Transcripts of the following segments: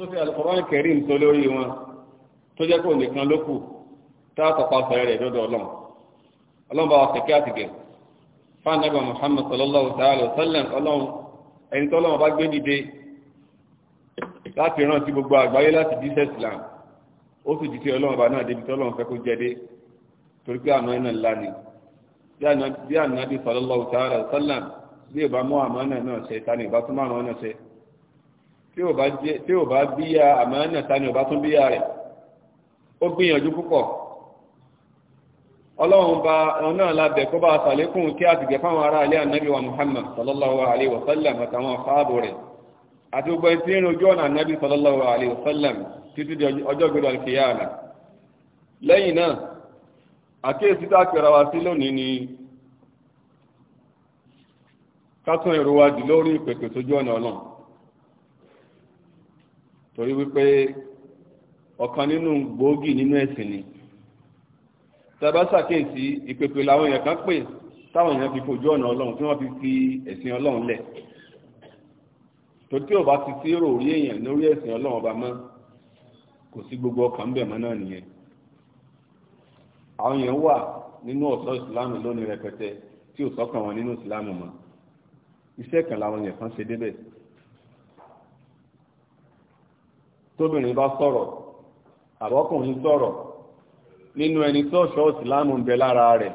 tó fi Al-Qur'an Karim tó lórí wọn tó jẹ́ kó nìkan ló kù tá a tọpa rẹ̀ lọ́dọ̀ ọlọ́run ọlọ́run bá wa kẹ̀kẹ́ àtìgẹ̀ fáànàbà Muhammad sallallahu ta'ala sallam ọlọ́run ẹni tó ọlọ́run bá gbé dìde láti rántí gbogbo àgbáyé láti díṣẹ́ Islam ó sì jíṣẹ́ ọlọ́run bá náà débi tọ́lọ́run fẹ́ kó jẹ́dé torí pé àmọ́ iná ńlá ni bí ànábì sallallahu ta'ala sallam bí ìbámu àmọ́ náà náà ṣe tí ò bá bíyà àmánà ta ni ò bá tún bíyà rẹ̀ ó gbìyànjú púpọ̀ ọlọ́run bá ẹ̀rọ náà lábẹ̀ kó bá sàlékún kí a ti gẹ̀ fáwọn ará ilé ànábì wa muhammad sallallahu alaihi wasallam àtàwọn fáàbò rẹ̀ àti gbogbo ẹtí ń rojú ọ̀nà ànábì sallallahu alaihi wasallam títí di ọjọ́ gbẹ̀rẹ̀ alkiyama lẹ́yìn náà àkíyèsí tá a pèrà wá sí lónìí ni ká èrò wa dì lórí ìpèpè sójú ọ̀nà ọlọ́run torí wípé ọ̀kan nínú gbòógì nínú ẹ̀sìn ni tẹ́bá ṣàkíyèsí ìpèpè làwọn èèyàn kan pè táwọn èèyàn fi fojú ọ̀nà ọlọ́run tí wọ́n fi fi ẹ̀sìn ọlọ́run lẹ̀ tó tí ò bá ti sí rò rí èèyàn lórí ẹ̀sìn ọlọ́run ọba mọ́ kò sí gbogbo ọkàn ń bẹ̀ mọ́ náà nìyẹn àwọn èèyàn wà nínú ọ̀sọ́ ìsìláàmù lónìí rẹpẹtẹ tí ò sọ́kàn wọn nínú ìsìláàmù mọ́ iṣẹ́ kan làwọn èèyàn kan ṣe débẹ̀ tóbìnrin bá sọ̀rọ̀ àbọ́kùnrin sọ̀rọ̀ nínú ẹni tó ṣọ́ ìsìláàmù ń bẹ lára rẹ̀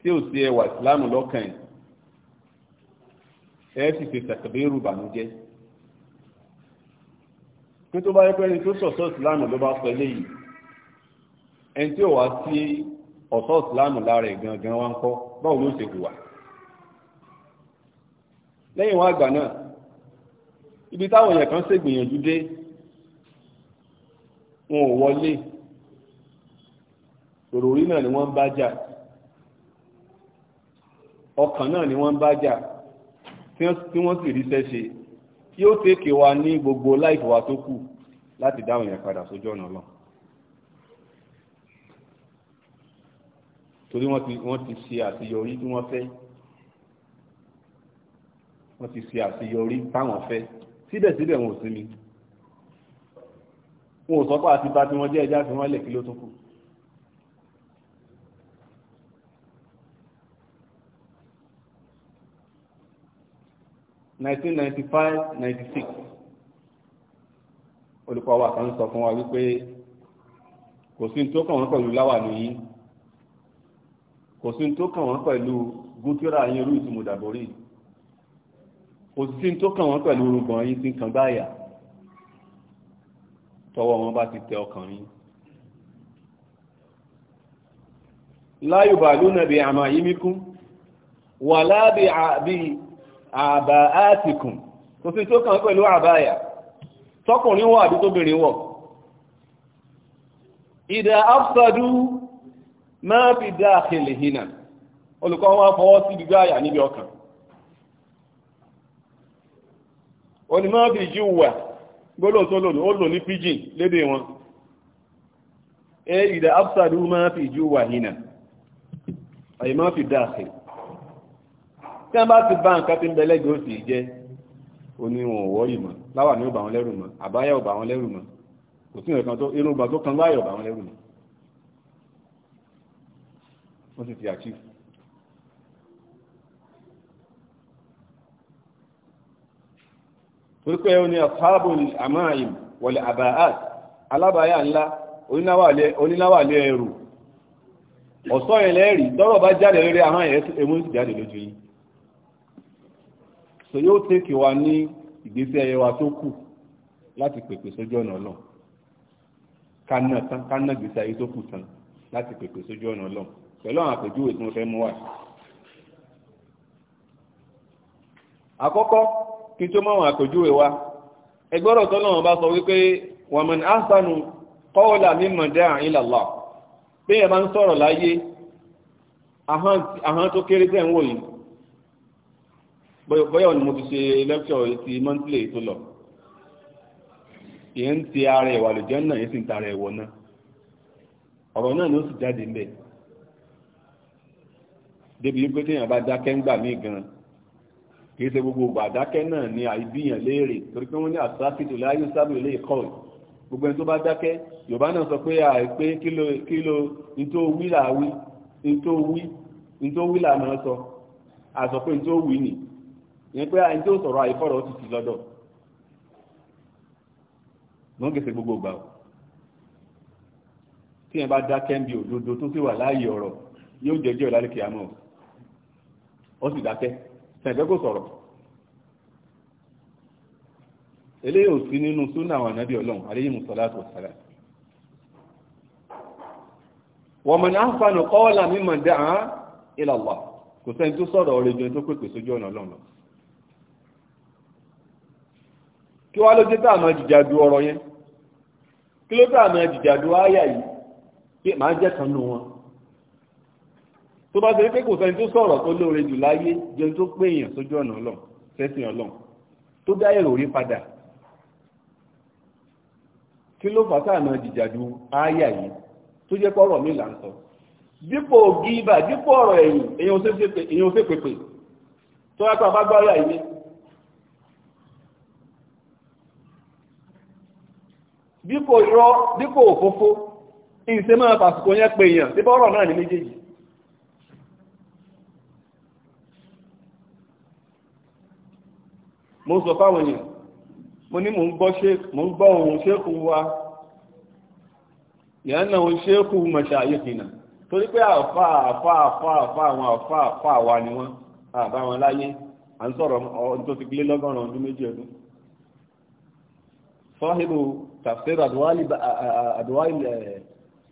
tí ò sí ẹwà ìsìláàmù lọ́kàn ẹ̀ sì fi tàkàbírù bànújẹ́ pé tó bá yẹ pé ẹni tó ṣọ̀ṣọ́ ìsìláàmù ló bá sọ eléyìí ẹni tí ò wá sí ọ̀ṣọ́ ìsìláàmù lára ẹ̀ gangan wá ń kọ́ báwo ló ṣe hùwà lẹ́yìn wọn àgbà náà ibi táwọn èèyàn kan ṣègbìyànjú dé wọn ò wọlé òròrí náà ni wọ́n ń bá jà ọkàn náà ni wọ́n ń bá jà tí wọ́n sì rí sẹ́ṣe kí ó tèkè wa ní gbogbo láìfò wa tó kù láti dáhùn yẹn padà sójú ọ̀nà lọ torí wọ́n ti wọ́n ti ṣe àṣeyọrí tí wọ́n fẹ́ wọ́n ti ṣe àṣeyọrí táwọn fẹ́ síbẹ̀síbẹ̀ wọn ò sinmi wọn ò sọ́pọ̀ àti bá tí wọ́n jẹ́ ẹjá tí wọ́n lẹ̀ kí ló tún kù nineteen ninety five ninety six olùkọ́ wa kan sọ fún wa wípé kò sí tó kàn wọ́n pẹ̀lú láwàní yìí kò sí tó kàn wọ́n pẹ̀lú gúntúrà yín ìtumùdàbórí kò sí tó kàn wọ́n pẹ̀lú orúgbọ̀n yín tí tọwọ́ wọn bá ti tẹ ọkùnrin láyò bàálù nàbí àmà yímíkún wà lábí àbà áàtìkùn kò sí tó kàn pẹ̀lú àbáyà tọkùnrin wọ̀ àbí tóbìnrin wọ̀ ìdá afsadu máa fi dá àkìlì hìnà olùkọ́ wọn fọwọ́ sí gbígbá àyà níbi ọkàn onímọ̀ fi jù gbọ́lọ̀ tó lòdù ó lò ní pidgin lédè wọn ẹ ìdá absadu máa fi ìjú wà hínà àyè máa fi dáàkì tí a bá ti bá nǹkan tí ń bẹ lẹ́gbẹ̀ẹ́ òsì jẹ́ oníwọ̀n wọ́rì mọ́ láwà ní ó bà wọ́n lẹ́rù mọ́ àbáyá ó bà wọ́n lẹ́rù mọ́ kò sí nǹkan tó irúgbà tó kan láyọ̀ ó bà wọ́n lẹ́rù mọ́ wọ́n sì ti achieve? torí pé ó ní ashabul amaim wal abaat alábàáyà ńlá oníláwàlẹ̀ ẹrù ọ̀sọ́ ẹlẹ́rìí tọ́rọ̀ bá jáde lórí àwọn ẹmú sì jáde lójú yìí so yóò tẹ́kì wa ní ìgbésí ẹyẹ wa tó kù láti pèpè sójú ọ̀nà Ọlọ́run kí tó mọ́ àwọn àpèjúwe wa ẹgbọ́rọ̀ tó náà bá sọ wípé wa man ahsanu qawlan mimman da'a ila Allah pé ẹ̀ máa ń sọ̀rọ̀ láyé àhán tó kéré tẹ̀ ń wò yìí bọ́yọ̀ ni mo ti ṣe lẹ́kṣọ̀ ti mọ́ńtílẹ̀ tó lọ ìyẹn ń ti ara ìwà lòjẹ́ náà yẹn sì ń tara ẹ̀wọ̀ náà ọ̀rọ̀ náà ni ó sì jáde ń bẹ̀ débi wípé téèyàn bá dákẹ́ ń gbà míì gan-an kìí ṣe gbogbo gbàdákẹ́ náà ni àìbíyàn léèrè torí pé wọ́n ní àtàkìtò láyé sábà ilé ìkọ́ gbogbo ẹni tó bá dákẹ́ yorùbá náà sọ pé àìpé kílò kílò nító wí làwí nító wí nító wí lànà sọ àsọ pé nító wí nì yẹn pé àyìn tó sọ̀rọ̀ àìfọ̀rọ̀ ó ti ti lọ́dọ̀ wọ́n kìí ṣe gbogbo gbà ó tí yẹn bá dákẹ́ ó sì dákẹ́ tẹ̀gbẹ́ kò sọ̀rọ̀ eléyìí ò sí nínú súnà àwọn ànábì ọlọ́run alayhi musallatu wassalam wa man ahsanu qawlan mimman da'a ila Allah kò sẹ́ni tó sọ̀rọ̀ ọ̀rẹ́ jẹun tó pèpè sójú ọ̀nà ọlọ́run kí wá ló dé tá àmọ́ du ọ̀rọ̀ yẹn kí ló tá àmọ́ du áyà yìí pé màá jẹ́ kan tó bá ṣe pé kò sẹ́ni tó sọ̀rọ̀ tó lóore jù láyé jẹun tó pé èèyàn sójú ọ̀nà ọlọ́run sẹ́sìn ọlọ́run tó dá èrò rí padà kí ló fà sáànà jìjàdù ááyà yìí tó jẹ́ pọ́rọ̀ mi là ń sọ dípò gíbà dípò ọ̀rọ̀ ẹ̀yìn èèyàn ò ṣe pèpè tó wá pé abágbá ááyà yìí dípò irọ́ dípò òfófó ìṣe máa fàsìkò yẹn pé èèyàn dípò ọ̀rọ̀ náà ní méjèèjì mo sọ fáwọn èèyàn mo ní mò ń gbọ́ mò ń gbọ́ ohun ṣéèkù wa ìyá náà ohun ṣéèkù mọ̀ṣà ayékìnà torí pé àfa àfa àfa àfa àwọn àfa àfa wa ni wọ́n àbá wọn láyé à ń sọ̀rọ̀ ọdún tó ti gbé lọ́gọ́rùn ọdún méjì ọdún sọ́hìbù tafsir àdúwálì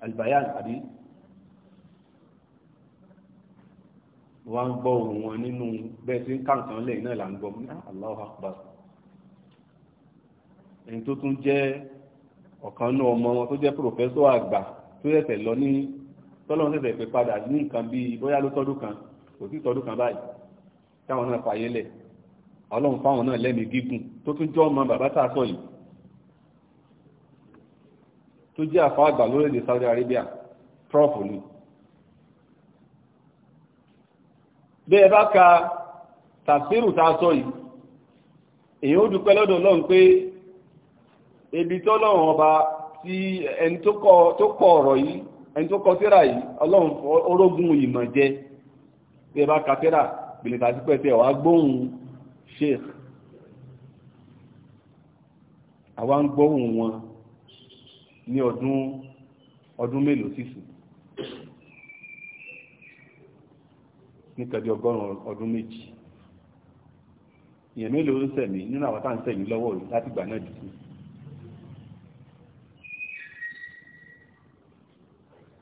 àlbàyàn àbí wọ́n ń gbọ́ ohùn wọn nínú bẹ́ẹ̀ tí ń kà nǹkan lẹ́yìn náà là ń gbọ́ Allahu Akbar ẹni tó tún jẹ́ ọ̀kan náà ọmọ wọn tó jẹ́ pòfẹ́sọ̀ àgbà tó ṣẹ̀ṣẹ̀ lọ ní tọ́lọ́run ṣẹ̀ṣẹ̀ pé padà ní nǹkan bíi bóyá ló tọ́dún kan kò sí tọ́dún kan báyìí táwọn náà fàyè lẹ̀ ọlọ́run fáwọn náà lẹ́mìí gígùn tó tún jọ́ ọmọ bàbá tá a sọ yìí tó jẹ́ àfáàgbà lórílẹ̀ bẹ́ẹ̀ bá ka tàfsírù tá a sọ yìí èyàn ó dúpẹ́ lọ́dọ̀ Ọlọ́run pé ebi tọ́lọ́run ọba tí ẹni tó kọ ọ̀rọ̀ yìí ẹni tó kọ tírà yìí Ọlọ́run orógun ìmọ̀ jẹ bẹ́ẹ̀ bá ka tírà gbìlẹ̀ tàbí pẹ̀tẹ̀ wàá gbóhùn sheikh àwa ń gbóhùn wọn ní ọdún mélòó sísìn nítorí ọgọ́rùn-ún ọdún méjì èèyàn mélòó ń sẹ̀mí nínú àwọn tá à ń sẹ̀mí lọ́wọ́ rẹ̀ láti ìgbà náà dìbò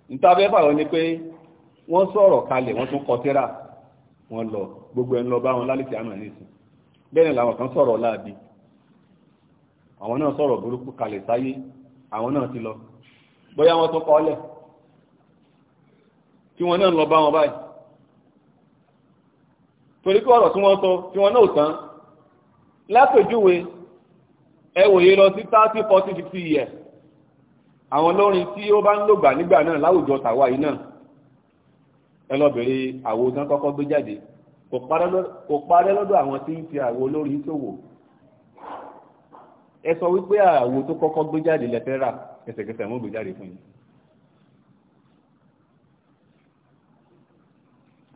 níta bẹ́ẹ̀ bàwọn ni pé wọ́n sọ̀rọ̀ kalẹ̀ wọ́n tún kọ tírà wọ́n lọ gbogbo ẹni lọ bá wọn lálẹ́ tí a mọ̀ nísìn bẹ́ẹ̀ ni làwọn kan sọ̀rọ̀ láàbí àwọn náà sọ̀rọ̀ burúkú kalẹ̀ sáyé àwọn náà ti lọ bóyá wọ́n tún kọ́ lẹ̀ tí wọ́n náà lọ bá wọn báyìí torí pé ọ̀rọ̀ tí wọ́n sọ tí wọ́n náà tán lápèjúwe ẹ lọ sí thirty forty fifty years àwọn olórin tí ó bá ń lògbà nígbà náà láwùjọ tàwa yìí náà ẹ lọ bèrè àwo tán kọ́kọ́ gbé jáde kò parẹ́ lọ́dọ̀ àwọn tí ń fi àwo olórin ṣòwò ẹ sọ wípé àwo tó kọ́kọ́ gbé jáde lẹ́fẹ́ rà ẹsẹ̀kẹsẹ̀ mọ́ gbé jáde fún yín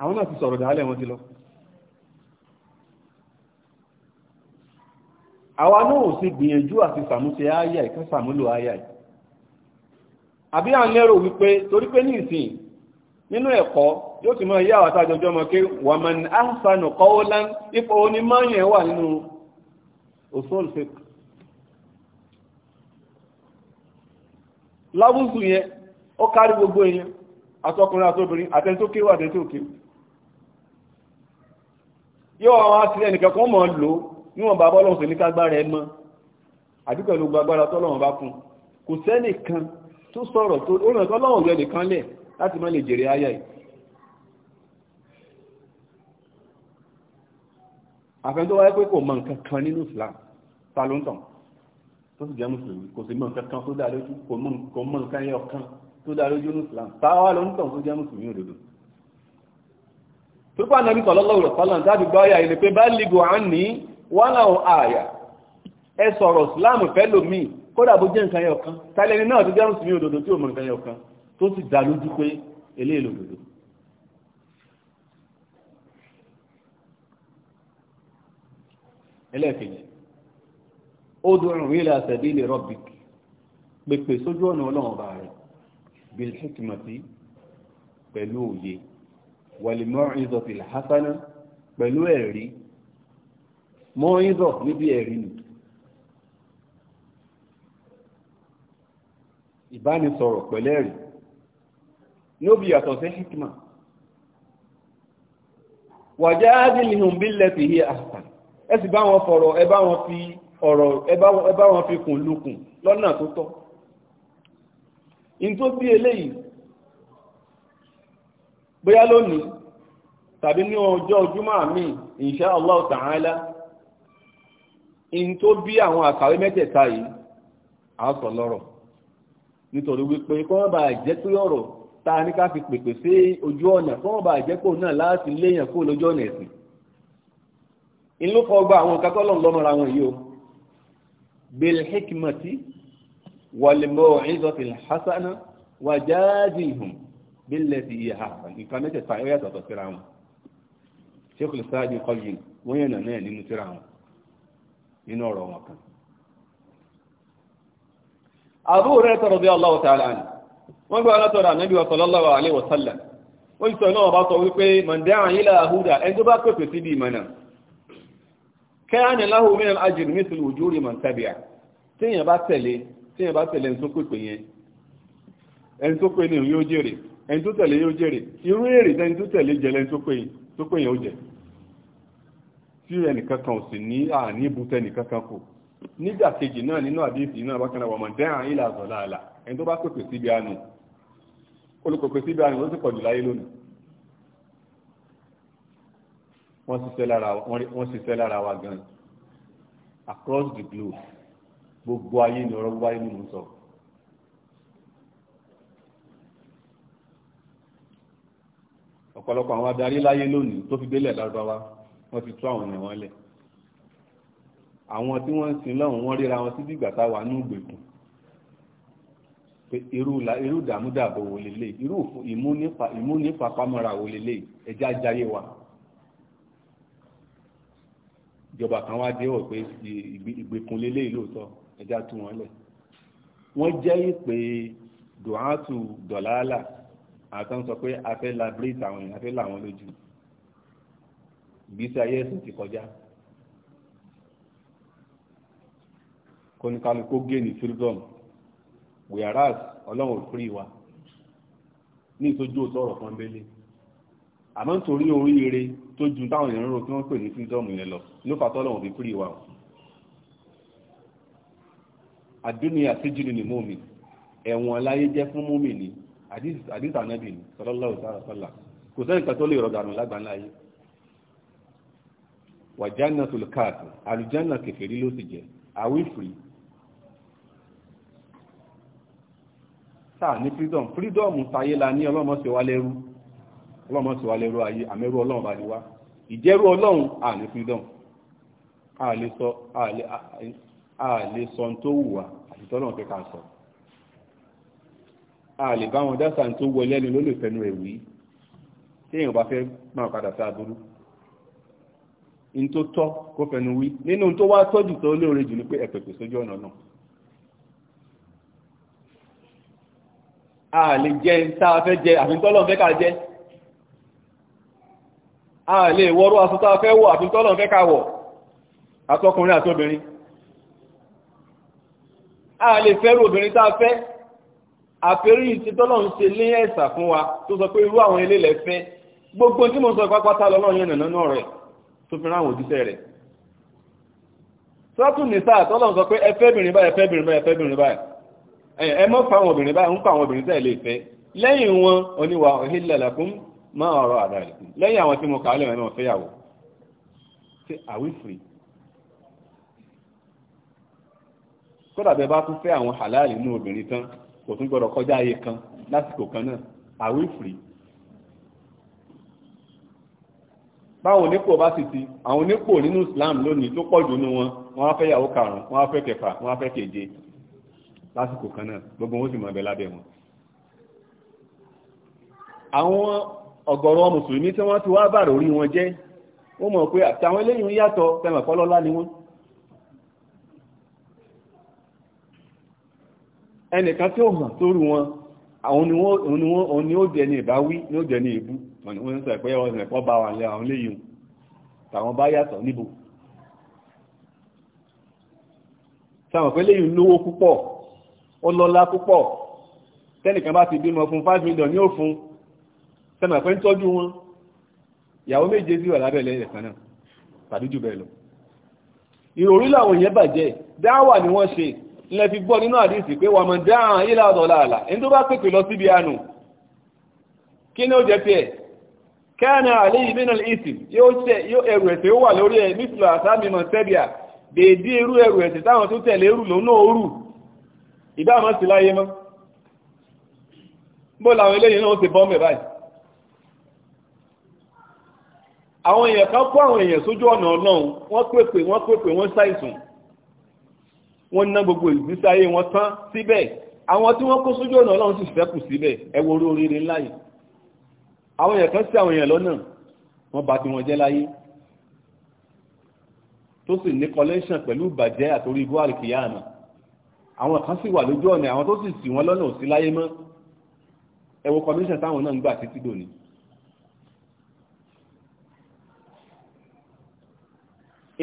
àwọn náà ti sọ̀rọ̀ dálẹ̀ wọn ti lọ àwa náà ò sì gbìyànjú àti sàmúṣe àyà ìkan sàmúlò àyà ì àbí à ń lérò wípé torí pé ní ìsìn nínú ẹ̀kọ́ yóò ti máa yá àwọn àtàjọjọ́ mọ́ pé wàmán ahsanu qawlan ipò onímọ̀yẹ̀ wà nínú usul fiqh lábùsù yẹn ó kárí gbogbo èèyàn àtọkùnrin àtobìnrin àtẹnitókè wà àtẹnitókè yóò àwọn àti ẹnìkan kan mọ̀ lò níwọ̀n bá bọ́lọ̀ sí ní kágbára ẹ mọ́ àbí pẹ̀lú gbàgbára tọ́lọ́run bá fún kò sẹ́nìkan tó sọ̀rọ̀ tó ràn tọ́lọ́run yọ nìkan lẹ̀ láti má lè jèrè ayá ẹ̀ àfẹ́ tó wáyé pé kò mọ nǹkan kan nínú Islam ta ló ń tàn tó sì jẹ́ mùsùlùmí kò sí mọ nǹkan kan tó dá lójú kò mọ nǹkan yẹ ọ̀kan tó dá lójú ní Islam ta wá ló ń tàn tó jẹ́ mùsùlùmí òdodo wọ́n láwọn ààyà ẹ sọ̀rọ̀ islam pẹ̀lú mi kódà bó jẹ́ nǹkan yọkan tàílẹ̀ni náà tó jẹ́rùn sí mi òdòdó tí ò mọ̀ nǹkan yọkan tó sì dá lójú pé eléèlò òdòdó ẹlẹ́ẹ̀kejì ó dùn ila sabili rabbik pèpè sójú ọ̀nà ọlọ́run ọba rẹ̀ mọ́ ìbọ̀ níbi ẹ̀rí nì ìbánisọ̀rọ̀ pẹ̀lẹ́rìí níbi yàtọ̀ sí hikma wàjáàdìlìhùn bílẹ̀ fi hí àṣà ẹ sì bá wọn fọ̀rọ̀ ẹ bá wọn fi ọ̀rọ̀ ẹ wọn fi kùn lọ́nà tó tọ́ in tó bí àwọn àkàwé mẹ́tẹ̀ẹ̀ta yìí a sọ lọ́rọ̀ nítorí wípé kọ́n bá jẹ́ pé ọ̀rọ̀ ta ní ká fi pèpè sí ojú ọ̀nà kọ́n bá jẹ́ pò náà láti léèyàn kó lójú ọ̀nà ẹ̀sìn gba àwọn kakọ́ lọ́n lọ́mọra wọn yìí o bil hikmati wal maw'izati al hasana wajadihum ha nǹkan mẹ́tẹ̀ẹ̀ta ẹ̀yà tọ̀tọ̀ nínú ọ̀rọ̀ wọn kan Abu Hurairah radiyallahu ta'ala anhu wọ́n gbọ́ alátọ̀rọ̀ ànábì sallallahu alaihi wa sallam ó sì sọ náà bá sọ wípé mọ̀ndẹ́rà ilẹ̀ àhúdà ẹni tó bá pèpè sí bí ìmọ̀nà kana lahu min al-ajr mithlu ujuri man tabi'a tíyàn bá tẹ̀lé tíyàn bá tẹ̀lé ẹni tó pèpè yẹn tí ẹnìkankan ò sì ní àní ibùtẹ́ nìkankan kù nígbà kejì náà nínú àdéhìsì náà bákan náà wọ̀mọ̀ dẹ́hàn ilà àzọ̀láàlà ẹni tó bá pèpè síbi àánú olùpèpè síbi àánú ló sì pọ̀jù láyé lónìí wọ́n ṣiṣẹ́ lára wa gan across the globe gbogbo ayé ni ọ̀rọ̀ wáyé nínú sọ. ọ̀pọ̀lọpọ̀ àwọn adarí láyé lónìí tó fi délẹ̀ lárúbáwá wọ́n ti tú àwọn èèyàn wọn lẹ̀ àwọn tí wọ́n ń sin lọ́hùn wọ́n ríra wọn sí bí ìgbà táwa ní ìgbèkùn pé irú ìdààmúdàbọ̀ wò lélẹ̀ irú ìmúnífàpamọ́ra wò lélẹ̀ ẹjẹ́ ajáyé wa ìjọba kan wá dé wọ̀ pé ìgbèkùn lélẹ̀ lóòótọ́ ẹjẹ́ tú wọn lẹ̀ wọ́n jẹ́ ìpè dùhátù dọ̀làálà àtọ́ sọ pé a fẹ́ labrate àwọn èèyàn a fẹ́ lójú ìgbésí ayé ẹ̀sìn ti kọjá kóníkálukú gẹ́ẹ̀nì freedom whereas ọlọ́run ò free wa ní ìtójú òótọ́ ọ̀rọ̀ kan bẹ́lẹ̀ àmọ́ nítorí oríire tó ju táwọn èèyàn ń ro wọ́n pè ní freedom yẹn lọ ló fà tọ́lọ́run fi free wa o àdúnìyà síjìlì ní mọ́mì ẹ̀wọ̀n láyé jẹ́ fún mọ́mì ni àdìsànábì ni sọlọ́lọ́ òsàràsọ́là kò sẹ́yìn kan tó lè rọ̀gànù lágbàńláyé wàjánà tòlùkáàtì àlùjánà kèfèrí ló sì jẹ́ are we free sáà ní freedom freedom tayé la ní ọlọ́mọ sí wa lẹ́rú ọlọ́mọ sí wa lẹ́rú ayé àmẹ́rú ọlọ́run bá ní wá ìjẹ́rú ọlọ́run à ní freedom a lè sọ a lè sọ tó wù wá àti tọ́lọ́run fẹ́ ká sọ a lè bá wọn dá sàn tó wọlé ẹni ló lè fẹnu ẹ̀ tí èèyàn bá fẹ́ máa padà sí aburú in tó tọ́ kó fẹnu wí nínú tó wá tọ́jú tó lóore jù ní pé ẹ̀pẹ̀pẹ̀ sójú ọ̀nà náà a lè jẹ tá a fẹ́ jẹ àfi tọ́lọ̀ fẹ́ ká jẹ a lè wọrú aṣọ tá a fẹ́ wọ̀ àfi tọ́lọ̀ fẹ́ ká wọ̀ àtọkùnrin àtobìnrin a lè fẹ́rù obìnrin tá a fẹ́ àfẹ́rí ìtítọ́lọ̀ ń ṣe ní ẹ̀sà fún wa tó sọ pé irú àwọn ilé lẹ́fẹ́ gbogbo tí mo sọ pápátá lọ́lọ́ yẹn nànánà rẹ̀ tó fi ráwọn òjíṣẹ́ rẹ̀ sọ́tún ní sáà tọ́lọ̀ sọ pé ẹfẹ́bìnrin báyìí ẹfẹ́bìnrin báyìí ẹfẹ́bìnrin báyìí ẹ mọ́ fa àwọn obìnrin báyìí ń fa àwọn obìnrin tẹ́ lè fẹ́ lẹ́yìn wọn oníwà ọ̀hìnlẹ̀lẹ̀kún máa ọ̀rọ̀ àdáyẹ̀kún lẹ́yìn àwọn tí mo kà á lẹ́wọ̀n náà fẹ́yàwó ṣe àwífìrí kódà bẹ bá tún fẹ́ báwọn onípò bá sì ti àwọn onípò nínú Islam lónìí tó pọ̀jù nínú wọn wọ́n á fẹ́ yàwó karùn-ún wọ́n á fẹ́ kẹfà wọ́n á fẹ́ keje lásìkò kan náà gbogbo wọn sì mọ̀ ẹ̀bẹ̀ lábẹ́ wọn àwọn ọ̀gọ̀rọ̀ mùsùlùmí tí wọ́n ti wá bàrò orí wọn jẹ́ wọ́n mọ̀ pé àtàwọn eléyìn yàtọ̀ fẹ́mọ̀ fọ́lọ́lá ni wọ́n ẹnìkan tí ó hàn tó rú wọn àwọn ni ó jẹ ní ìbáwí ní ó jẹ ní ìbú wọ́n ń sọ pé ọ̀sẹ̀ pọ́ bá wà ní àwọn léyìn tàwọn bá yàtọ̀ níbo sáwọn pé léyìn lówó púpọ̀ ó lọ́lá púpọ̀ tẹ́nìkan bá ti bímọ fún 5 million ní ó fún sẹ́mọ̀ pé ń tọ́jú wọn ìyàwó méje sí wà lábẹ́lẹ̀ ẹ̀kan náà tàbí jù bẹ́ẹ̀ lọ ìròrí làwọn èèyàn bàjẹ́ dáwà ni wọ́n ṣe ilẹ̀ fi gbọ́ nínú àdísì pé wà mọ̀ dáhàn ilẹ̀ àdọ̀lá àlà ẹni tó bá pèpè lọ síbi àánú kí ni ó jẹ́ pé kẹ́ẹ̀nà àlẹ́ ìmìnà ìsìn yóò ẹrù ẹ̀sẹ̀ ó wà lórí ẹ̀ mísìlọ àtàmìmọ̀ sẹ́bíà dèédé irú ẹrù ẹ̀sẹ̀ táwọn tó tẹ̀lé rù lónà òórù ìdáàmọ́ sí láyé mọ́ bó làwọn eléyìí náà ó ti bọ́m̀bẹ̀ báyìí àwọn èèyàn kan kó àwọn èèyàn sójú ọ̀nà ọlọ́run wọ́n pèpè wọ́n pèpè wọ́n ṣàìsùn wọ́n ná gbogbo ìgbésí ayé wọn tán síbẹ̀ àwọn tí wọ́n kó sójú ọ̀nà ọlọ́run sì fẹ́kù síbẹ̀ ẹ wo orí oríire ńlá yìí àwọn èèyàn kan sí àwọn èèyàn lọ́nà wọ́n bá ti wọn jẹ́ láyé tó sì ní collection pẹ̀lú ìbàjẹ́ àtòrí ibú àríkìyà àmà àwọn kan sì wà lójú ọ̀nà àwọn tó sì sì wọ́n lọ́nà ò sí láyé mọ́ ẹ wo commission táwọn náà ń gbà títí dòní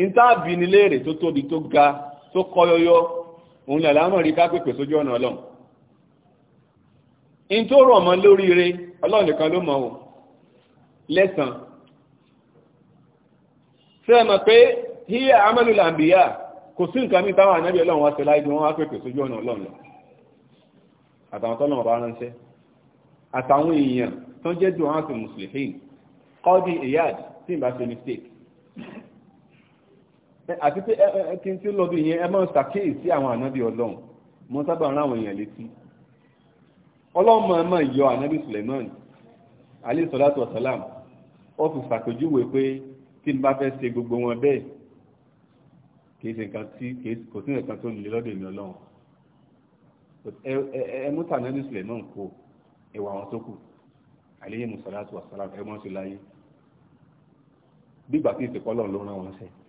ìntàbí nílé èrè tó tóbi tó ga tó kọyọyọ òun làlá mọ̀ rí kápẹ́pẹ́ sójú ọ̀nà ọlọ́run in tó rọ̀ mọ́ lóríire ọlọ́run nìkan ló mọ̀ ọ́ lẹ́sàn ṣé ẹ mọ̀ pé híyà amẹ́lú làǹbíyà kò sí nǹkan mi táwọn ànábì ọlọ́run wá ṣe láì bí wọ́n wá pèpè sójú ọ̀nà ọlọ́run lọ àtàwọn tọ́lọ̀ bá ránṣẹ́ àtàwọn èèyàn tó jẹ́ dùn áàtù mùsùlùmí kọ́dí ìyáàdì tí ìbá ṣe mistake àti pé kí n tí lọ́dún yẹn ẹ máa ń ṣàkíyèsí àwọn ànábì ọlọ́run mo sábà rán àwọn èèyàn létí ọlọ́run máa máa yọ ànábì Suleiman alayhi salatu wasalam ó fi ṣàpèjúwe pé tí n bá fẹ́ ṣe gbogbo wọn bẹ́ẹ̀ kì í ṣe nǹkan tí kò sí nǹkan tó nílé lọ́dọ̀ èmi ọlọ́run ẹ mú tànábì Suleiman kó ẹwà àwọn tó kù alayhi salatu wasalam ẹ mọ́ sí láyé bí ìgbà tí ìsìnkọ́ ọlọ́run ló rán wọn sẹ́yìn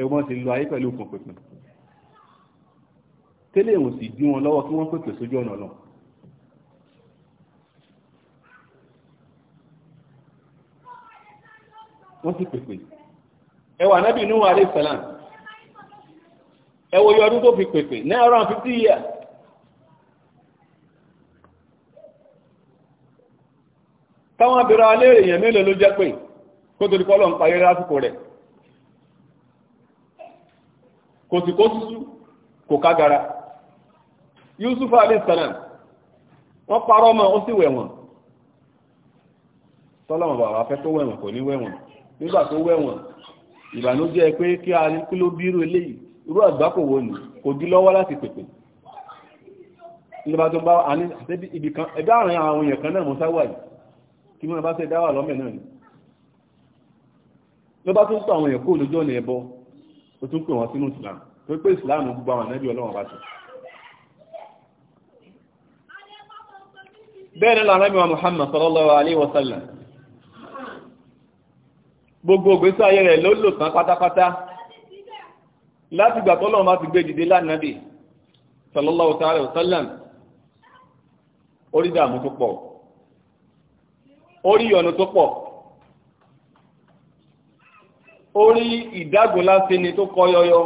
ẹ̀wọ́n ti lọ ayé pẹ̀lú òkun pẹ̀pẹ̀ tẹ́lẹ̀ ìwọ̀n sì dí wọn lọ́wọ́ kí wọ́n pẹ̀pẹ̀ sójú ọ̀nà lọ wọ́n sì pẹ̀pẹ̀ ẹwà nábì nínú àrẹ ìsẹ̀lá ẹwọ yọ ọdún tó fi pẹ̀pẹ̀ náà around fifty years táwọn abẹ́rẹ́ alẹ́ èèyàn mélòó ló jẹ́ pé kó torí kọ́ lọ́n parí lásìkò rẹ̀ kò sì kó tútù kò kágara Yusuf alayhi salam wọ́n parọ́ mọ́ ó sì wẹ̀wọ̀n tọ́lọ́wọ̀n bàbá fẹ́ tó wẹ̀wọ̀n kò ní wẹ̀wọ̀n nígbà tó wẹ̀wọ̀n ìbànújẹ́ pé kí a ní kí ló bírú eléyìí irú àgbákò wo ni kò dí lọ́wọ́ láti pèpè nígbà tó bá a ní àtẹ́bí àwọn èèyàn kó lójú ọ̀nà ẹ̀bọ ó tún pè wọ́n sínú islam tó pé islam gbogbo àwọn ànábì ọlọ́run bá ti bẹ́ẹ̀ ni lànàbí wa muhammad sallallahu alaihi wa sallam gbogbo ògbésí ayé rẹ̀ ló lò tán pátápátá láti gbà tọ́lọ́run bá ti gbé dìde lánàbì sallallahu orí ìdágunláṣe ni tó kọ yọyọ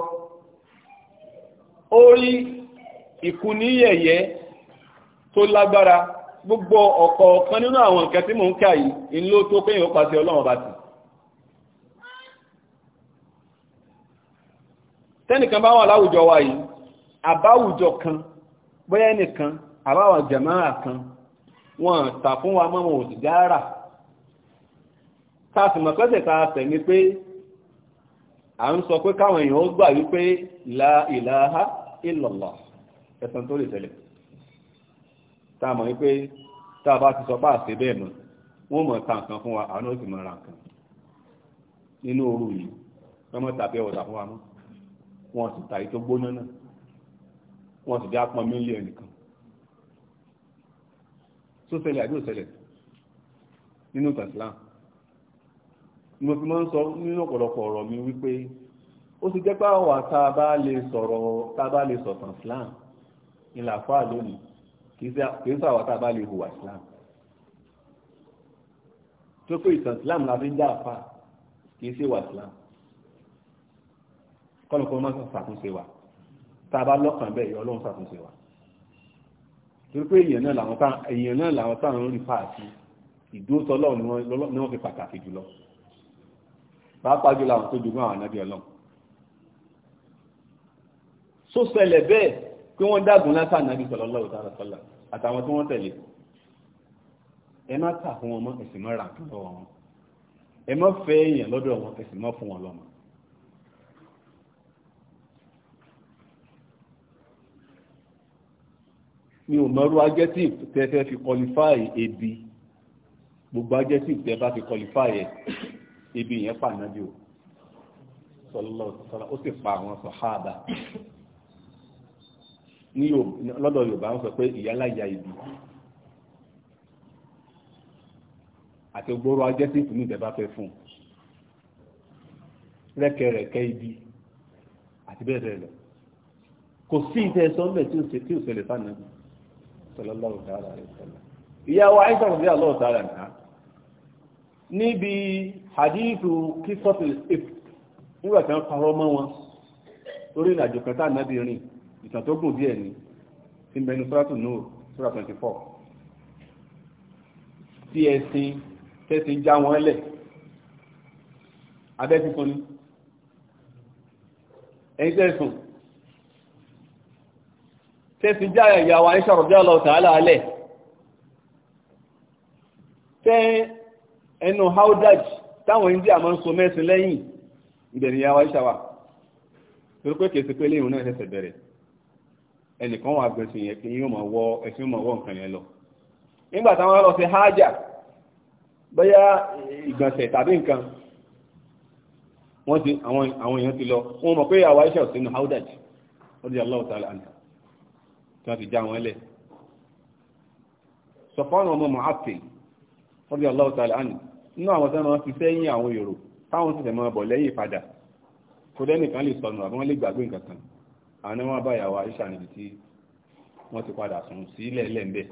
orí ìkúníyẹ̀yẹ́ tó lágbára gbogbo ọ̀kọ̀ọ̀kan nínú àwọn nǹkan tí mò ń kà yìí ìlú tó péyìn ó pàṣẹ ọlọ́run bá ti tẹ́nìkan bá wà láwùjọ wa yìí àbáwùjọ kan bóyá ẹnìkan àbáwọn jàmáà kan wọn tà fún wa mọ́ wọn ò sì dára ta sì mọ̀ pẹ́sẹ̀ ta sẹ̀ ni pé à ń sọ pé káwọn èèyàn ó gbà wípé la ilaha illallah ẹ̀sán tó lè tẹ̀lẹ̀ tá a mọ̀ wípé tá a bá ti sọ bá àṣẹ bẹ́ẹ̀ mọ̀ wọ́n mọ̀ ta nǹkan fún wa àánú ó sì mọ̀ ra nǹkan nínú òru yìí wọ́n mọ̀ tàbí ọ̀dà fún wa mọ́ wọ́n sì tàyí tó gbóná náà wọ́n sì já pọn mílíọ̀nù kan tó ṣẹlẹ̀ àbí ò nínú tàìsílámù mo fi máa ń sọ nínú ọ̀pọ̀lọpọ̀ ọ̀rọ̀ mi wípé ó ti jẹ́ pé àwọn àta bá lè sọ̀rọ̀ tá a bá lè sọ̀tàn Islam ìlà àfáà lónìí kì í sọ àwọn àta bá lè hùwà Islam tó pé ìtàn Islam la fi ń dá àfáà kì í ṣe wà Islam kọ́nùkọ́ máa ṣàtúnṣe wa tá a bá lọ́kàn bẹ́ẹ̀ yọ ọlọ́run ṣàtúnṣe wa torí pé èèyàn náà làwọn táwọn ń rí fáàtì ìdóòtọ́ ọlọ́run ni wọ́n fi pàtàkì jùlọ pàápàá jùlọ àwọn tó jogún àwọn ànábì ọlọ́run tó ṣẹlẹ̀ bẹ́ẹ̀ pé wọ́n dágun látà ànábì sallallahu ta'ala sallam àtàwọn tí wọ́n tẹ̀lé ẹ má tà fún wọn mọ́ ẹ̀sìn mọ́ ra nǹkan lọ́wọ́ wọn ẹ má fẹ́ èèyàn lọ́dọ̀ wọn ẹ̀sìn mọ́ fún wọn lọ́mọ mi ò mọ̀rú adjective tẹ́ fẹ́ fi qualify ebi gbogbo adjective tẹ́ bá fi qualify ẹ̀ ibi yẹn pa ànábì o sallallahu alaihi wasallam ó sì pa àwọn sàhábà ní lọ́dọ̀ yorùbá wọ́n sọ pé ìyáláyà ibi àti gbóró ajẹ́sìnkú ní ìjẹba fẹ́ fún rẹ́kẹrẹ̀kẹ́ ibi àti bẹ́ẹ̀ bẹ́ẹ̀ lọ kò sí ìtẹ́ sọ́mbẹ̀ tí ó ṣe tí ó ṣẹlẹ̀ fánàbí sallallahu alaihi wasallam ìyá wa Àìṣà rọ̀bí àlọ́ọ̀tà rẹ̀ nìkan níbi hadithu christopher steve nígbà tí wọ́n parọ́ mọ́ wọn lórí ìrìnàjò kan tá ànábì rìn ìtàn tó gùn díẹ̀ ni ti mẹnu sọ́tù náà sura twenty four tí ẹ̀sìn tẹ́sìn já wọn lẹ̀ abẹ́ fífún ni ẹ̀yìn tẹ́sùn tẹ́sìn já ẹ̀yà wa ń sọ̀rọ̀ bí ọlọ́ọ̀tà alẹ́ tẹ́ ẹnu haudaj táwọn india máa ń so mẹ́sìn lẹ́yìn ìbẹ̀rẹ̀ yàwá ìṣàwà torí pé kèsì pé léyìn náà ṣẹ̀ṣẹ̀ bẹ̀rẹ̀ ẹnìkan wà gbẹ̀sìn yẹn kí yóò máa wọ ẹ̀sìn yóò wọ nǹkan yẹn lọ nígbà táwọn lọ sí hájà bóyá ìgbọ̀nsẹ̀ tàbí nǹkan wọ́n ti àwọn èèyàn ti lọ wọ́n mọ̀ pé haudaj ó di aláwọ̀ tààlà àná tí wọ́n ti já wọn lẹ̀ ọmọ rọ́bí Allahu ta'ala anhu nínú àwọn sẹ́nu wọn fi sẹ́yìn àwọn èrò táwọn sì tẹ̀mọ́ bọ̀ lẹ́yìn padà kò dẹ́nìkan lè sọnù àbí wọ́n lè gbàgbé nǹkan kan àwọn wọn bá yàwó Aisha níbi tí wọ́n ti padà sùn sílẹ̀ lẹ́ńbẹ̀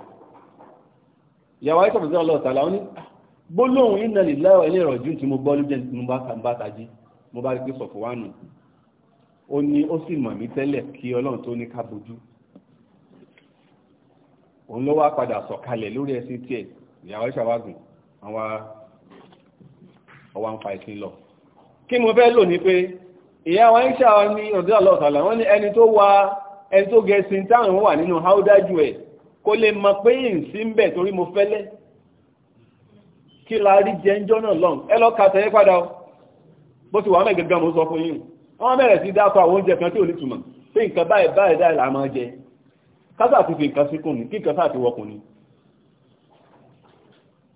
yàwó Aisha fi sẹ́yìn Allahu ta'ala ó ní ah, gbólóhùn inna lillahi inna ilayhi raji'un tí mo gbọ́ lójú ẹni tí mo bá tají mo bá rí pé sọ̀fọ̀ wà nù ó ní ó sì òun ló padà sọ̀kalẹ̀ lórí ẹsìn tiẹ̀ ìyàwó ìṣàwádùn àwọn ọwà ń fa ìsìn lọ kí mo fẹ́ lò ní pé ìyá wa ń ṣàwọ ní ọ̀dọ́ àlọ́ọ̀tàlà wọ́n ní ẹni tó wa ẹni tó gẹṣin táwọn wà nínú háúdájú ẹ̀ kó lè mọ pé ìsí ń bẹ̀ torí mo fẹ́lẹ́ kí la rí jẹ ń jọ́ náà lọ́n ẹ lọ́ ka tẹ̀yẹ́ padà bó ti wà mẹ́ gẹ́gẹ́ mo sọ fún yín wọ́n bẹ̀rẹ̀ sí dákọ̀ àwọn oúnjẹ kan tí ò ní túmọ̀ pé nǹkan báyìí báyìí dáì là máa jẹ kásà ti fi nǹkan síkùn ní kí nǹkan sáà ti wọkùn ni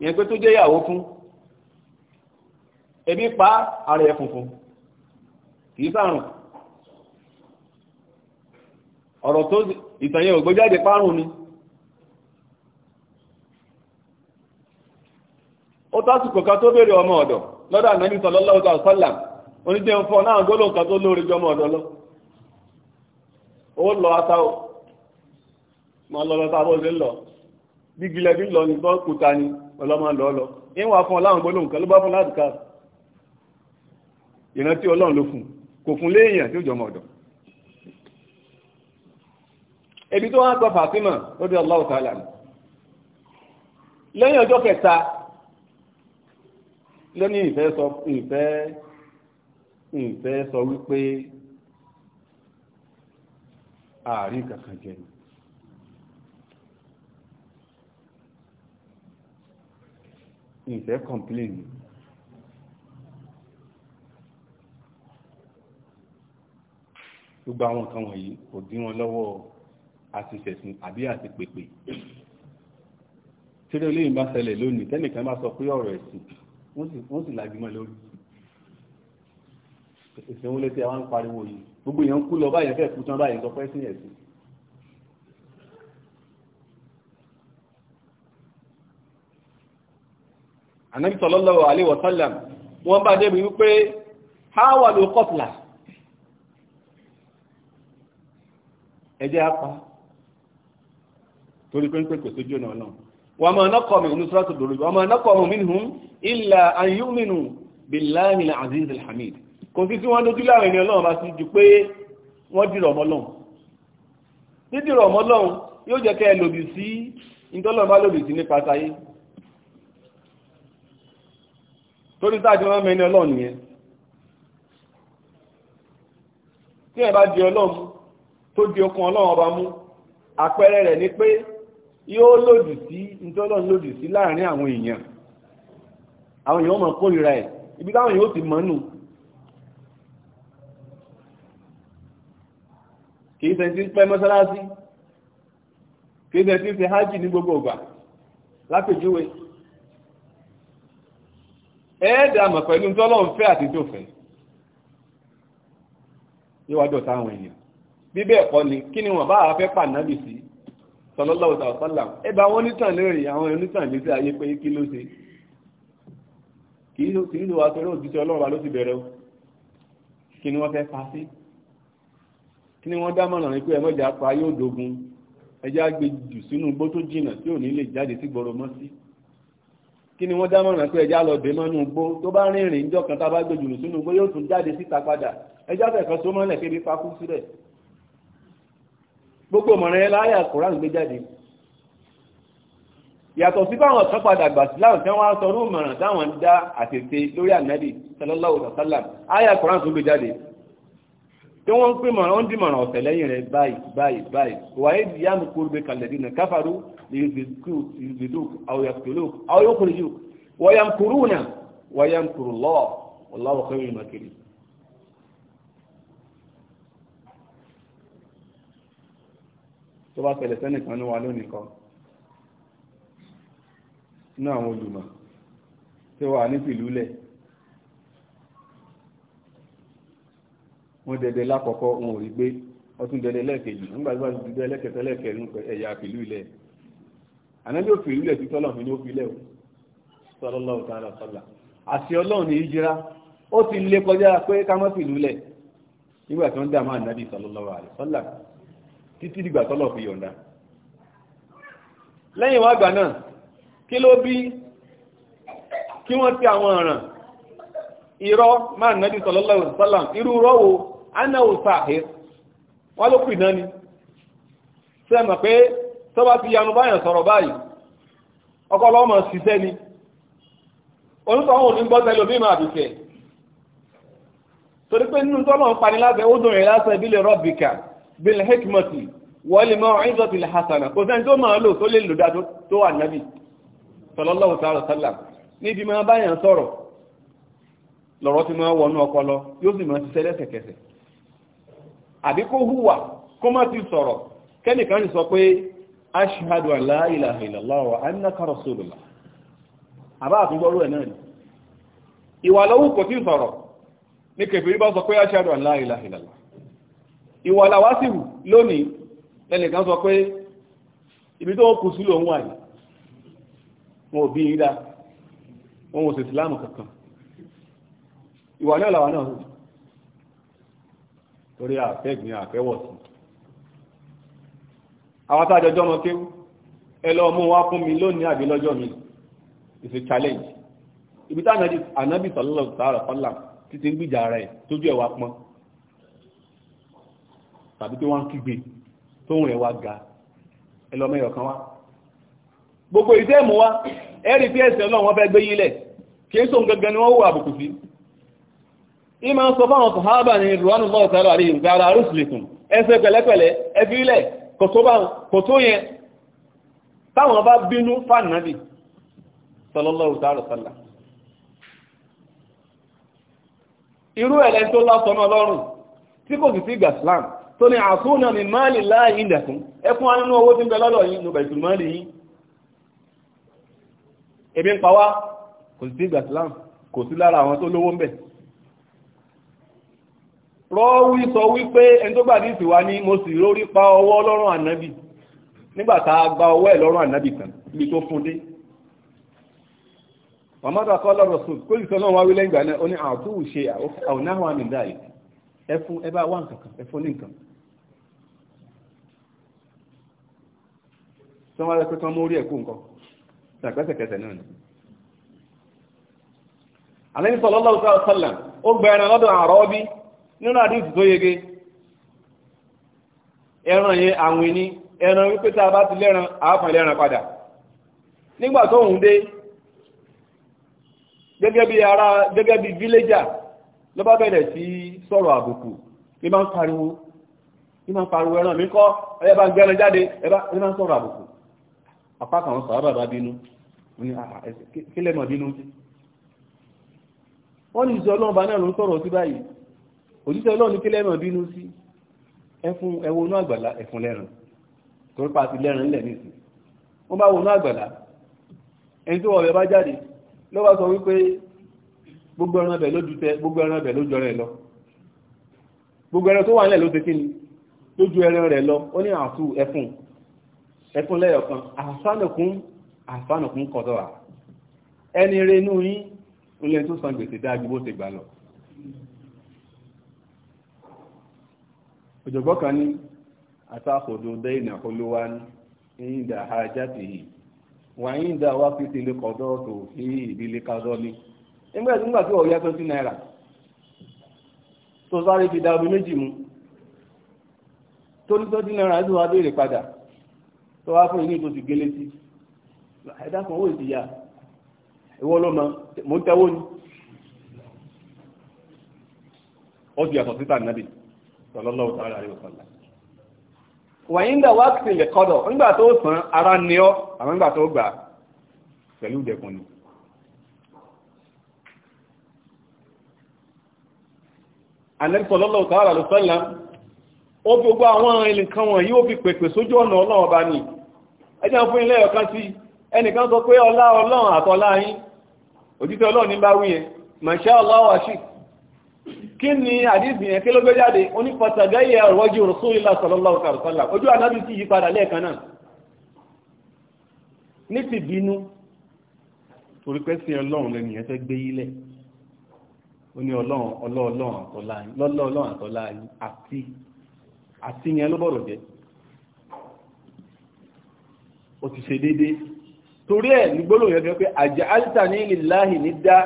yẹn pé tó jẹ́ ìyàwó fún ebi pa ara ẹ̀ funfun kìí sàrùn ọ̀rọ̀ tó ìtàn yẹn ò gbójáde párùn ni ó tásìkò kan tó béèrè ọmọ ọ̀dọ̀ lọ́dọ̀ ànábì sallallahu alaihi wasallam oníjẹ́ ń fọ́ náà gbólóhùn kan tó lóore jọmọ ọ̀dọ̀ lọ ó lọ atáwò ma lọ́lọ́ta bó ṣe ń lọ bí gilẹ̀ bí lọ nìkan kúta ni ọlọ́mọ lọ́ọ́lọ́ ìwà fún ọláwọn gbọ́lóhùn kan ló bá fún ládùúkà ìrántí ọlọ́run ló fún kò fún léèyàn tí ó jọmọ ọ̀dọ̀ ebi tó wá gbọ́ Fàtímà lọ́dọ̀ Allahu ta'ala lẹ́yìn ọjọ́ kẹta lóní ìfẹ́ sọ ìfẹ́ ìfẹ́ sọ wípé ààrin kankan jẹ ni ìfẹ́ kọ̀m̀pléènì gbogbo àwọn nǹkan wọ̀nyí kò dí wọn lọ́wọ́ àtìṣẹ̀sìn àbí àti pèpè tí ó léyìn bá ṣẹlẹ̀ lónìí tẹ́nìkan bá sọ pé ọ̀rọ̀ ẹ̀sìn wọ́n sì lágbímọ̀ lórí ìsìnwó létí àwọn pariwo yìí gbogbo èèyàn kú lọ báyìí fẹ́ kú tán báyìí sọ pé ẹ̀sìn ẹ̀sìn Ànábì sallallahu alaihi wa sallam wọ́n bá débi wípé háwà ló kọ́tìlà ẹjẹ́ apá torí pé ń pè kò sójú ọ̀nà náà wọ́n máa nọ́kọ̀ mi nusratu ad-durub wọ́n máa nọ́kọ̀ minhum illa an yu'minu billahi al-aziz nípa táyé torí táàdì wọ́n mẹ́ni ọlọ́run yẹn tí ẹ̀ bá di ọlọ́run tó di okun ọlọ́run ọba mú àpẹẹrẹ rẹ̀ ni pé yóò lòdì sí ìtọ́lọ́run lòdì sí láàrin àwọn èèyàn àwọn èèyàn mọ̀ kórìíra ẹ̀ ibi táwọn èèyàn ó ti mọ̀ nù kìí ṣe tí ń pẹ́ mọ́sálásí kìí ṣe tí ṣe hájì ní gbogbo ìgbà lápèjúwe ẹ̀ẹ́dàmọ̀ pẹ̀lú tọ́lọ́run fẹ́ àti tó fẹ́ yíwá dọ̀tá àwọn èèyàn bí bẹ́ẹ̀ kọ́ ni kí ni wọ́n bá fẹ́ pànábì sí sallallahu alaihi wasallam ẹ bá wọn nítàn lórí àwọn onítàn lé sí ayé pé kí ló ṣe kì í ló wá sọ lóòjú tí ọlọ́run wa ló ti bẹ̀rẹ̀ o kí ni wọ́n fẹ́ pa sí kí ni wọ́n dámọ̀ràn ní pé ẹ mọ́jà pa yóò dogun ẹjẹ́ á gbé jù sínú igbó tó jìnnà tí ò ní lè jáde sí gbọ́rọ̀ mọ́ sí. Si kí ni wọ́n dámọ̀ràn pé ẹja lọ dé mọ́nú igbó tó bá rìnrìn ìjọ kan tá a gbèjù nù sínú yóò tún jáde síta padà ẹja fẹ̀kan só mọ́lẹ̀ kébi pákú sílẹ̀ gbogbo mọ̀ràn ẹ láyà koran gbé jáde yàtọ̀ sí báwọn kan padà gbà sí láwọn tí wọ́n á sọ ní táwọn ń dá àtẹ̀tẹ̀ lórí ànábì koran gbé jáde tí wọ́n ń pè ليذلوك أو يقتلوك أو يخرجوك ويمكرون ويمكر الله والله خير الماكرين tó bá ṣẹlẹ̀ sẹ́nìkan ní wa lónìí kan ní àwọn olùmọ̀ tí wà ní pìlúlẹ̀ wọ́n dẹ̀dẹ̀ lákọ̀ọ́kọ́ wọn ò rí gbé ọtún dẹ̀dẹ̀ lẹ́ẹ̀kejì nígbàgbà ti dẹ̀ lẹ́kẹ̀ẹ́tẹ́lẹ́kẹ̀ẹ́ ẹ̀yà pìlúlẹ̀ ànábì òfin ilẹ̀ tí tọ́lọ̀ mi ní ó fi ilẹ̀ o sallallahu ta'ala sọ́lá àti ọlọ́run ní ìjírá ó ti lé kọjá pé ká mọ́ fìlú lẹ̀ nígbà tí wọ́n dà máa nàbì sallallahu alaihi sọ́lá títí dìgbà tọ́lọ̀ fi yọ̀ǹda lẹ́yìn wá gbà náà kí ló bí kí wọ́n ti àwọn ọ̀ràn irọ́ máa nàbì sallallahu alaihi sọ́lá irú rọ́wọ́ anáwó sáà wọ́n ló pì náà ni sẹ́mọ̀ pé tó bá fi yanu báyàn sọ̀rọ̀ báyìí ọkọlọ ọmọ ṣiṣẹ́ ni onítọ̀hún òní gbọ́ tẹ́lẹ̀ omi máa bìtẹ̀ torí pé nínú tọ́lọ̀ ń pani láti ó dùn rẹ̀ láti ìbílẹ̀ rọ́bìkà hasana kò sẹ́ni tó máa lò tó lè lò dájú tó wà nábì sallallahu ta'ala sallam níbi máa báyàn sọ̀rọ̀ ti máa wọnú ọpọlọ yóò sì máa ṣiṣẹ́ ti sọ̀rọ̀ kẹ́nìkan ashhadu an la ilaha illallah wa annaka rasulullah aba a ru enani iwa la uko ti soro ni ke firi ba so pe ashhadu an la ilaha illallah iwa la wasibu loni ele kan so pe ibi to ku si lo nwa ni mo bi ida mo mo islam kankan iwa la la wa na ori a pe ni a pe wo àwọn tájọjọ́ ọmọ kéwú ẹ lọ mú wá fún mi lónìí àbí lọ́jọ́ mi it's a challenge ibi tá ànábì sallallahu ta'ala fọ́là títí ń gbìjà rẹ̀ tójú ẹ̀ wá pọ́n tàbí tí wọ́n ń kígbe tóun ẹ̀ wá ga ẹ lọ mẹ́yọ̀ kan wá gbogbo ìdẹ́ mú wá ẹ̀rí pé ẹ̀sìn ọlọ́run wọn fẹ́ gbé yílẹ̀ kì í sóun gangan ni wọ́n wò àbùkù sí ìmọ̀ sọ fáwọn sọ̀hábà ní ìrùwánù lọ́ọ̀tà lọ́ọ̀rí ìgbà ara rúṣìlẹ̀kùn ẹsẹ̀ pẹ̀lẹ́pẹ̀lẹ́ ẹbí ilẹ̀ kò tó yẹn táwọn bá bínú fànàbì sallallahu ta'ala sallam irú ẹ̀lẹ́ tó lásọmọ lọ́rùn tí kò sì sí ìgbà Islam tó ní àtúnà mi máa lè láàyè ìdẹ̀kùn ẹkùn anínú owó tí ń bẹ lọ́lọ́ yìí nùbẹ̀ ìtùmọ́ lè yìí ebi ń pa wá kò sí ìgbà kò sí lára àwọn tó lówó ń bẹ̀ rọ́wí sọ wípé ẹni tó gbà díìsì wá ní mo sì rórí pa ọwọ́ lọ́rùn ànábì gba ọwọ́ ẹ̀ lọ́rùn ànábì kan ibi tó fún dé mamadu akọ́lọ́ rọ̀sùn kó ìsọ náà wá lẹ́yìn ìgbà náà ó ní àtúwù ṣe àwònáhùn wà nǹkan ní nǹkan pé kán nǹkan náà ni nínú àdíjù tó yege ẹran yẹn àwìn ni ẹran wípé tá a bá ti lẹ́ran àáfàn lẹ́ran padà nígbà tó ń dé gẹ́gẹ́ bí ara gẹ́gẹ́ bí villager ló bá bẹ̀rẹ̀ sí àbùkù ní ń pariwo ní ń pariwo ẹran mi kọ́ ń gbẹ́ran jáde ń àbùkù sọ̀rọ̀ òjíṣẹ́ ọlọ́run ní kílẹ̀ ẹ̀mọ̀ bínú sí ẹfun ẹwọnú àgbàlá ẹfun lẹ́rùn torí pa àti lẹ́rùn ńlẹ̀ nìsín wọ́n bá wọnú àgbàlá ẹni tó wọ̀bẹ̀ bá jáde ló bá sọ wípé gbogbo ẹran bẹ̀ ló ju tẹ gbogbo ẹran bẹ̀ ló ju ẹran lọ gbogbo ẹran tó wà nílẹ̀ ló ti kíni ló ju ẹran rẹ̀ lọ ó ní àtú ẹfun ẹfun lẹ́yọ̀kan àfánàkún àfánàkún kọ̀tọ̀wà ẹni renú yín ó lẹ́ni ọ̀jọ̀gbọ́n ka ni àtàkùdù dẹ́yìn àkọlówá ní ìdá ha yìí wà ní ìdá wá fi ti lè kọ̀dọ̀ fi ní. nígbà tí nígbà tí yá naira tó sáré fi dáadọ́ méjì mu tó ní naira tó wá béèrè padà tó wá fún tó ti gélé sí ẹ̀dá kan ìdíyà ìwọ ń ni ó ti sallallahu ta'ala alaihi wasallam wàyín ara ni ọ́ àmọ́ nígbà gbà pẹ̀lú ìdẹ̀kùn ni gbogbo àwọn nǹkan wọ̀nyí fi pèpè sójú ọ̀nà ọlọ́run bá ní ẹjọ́ fún ilé ọ̀kan ẹnìkan sọ pé kí ni àdífì yẹn kí ló gbé jáde ó ní fàtàgáyà wájú rasulillah sallallahu alaihi wasallam ojú ànábì ti yí padà lẹ́ẹ̀kan náà ní ti bínú torí pé sí ọlọ́run lẹ́nu yẹn fẹ́ gbé yílẹ̀ ó ní ọlọ́run ọlọ́ọ̀lọ́run àtọ́lá àti àti yẹn ló bọ̀rọ̀ jẹ́ ó ti ṣe déédéé torí ẹ̀ nígbólóyìn ẹgbẹ́ pé àjẹ́ alítà ní lillahi ní dá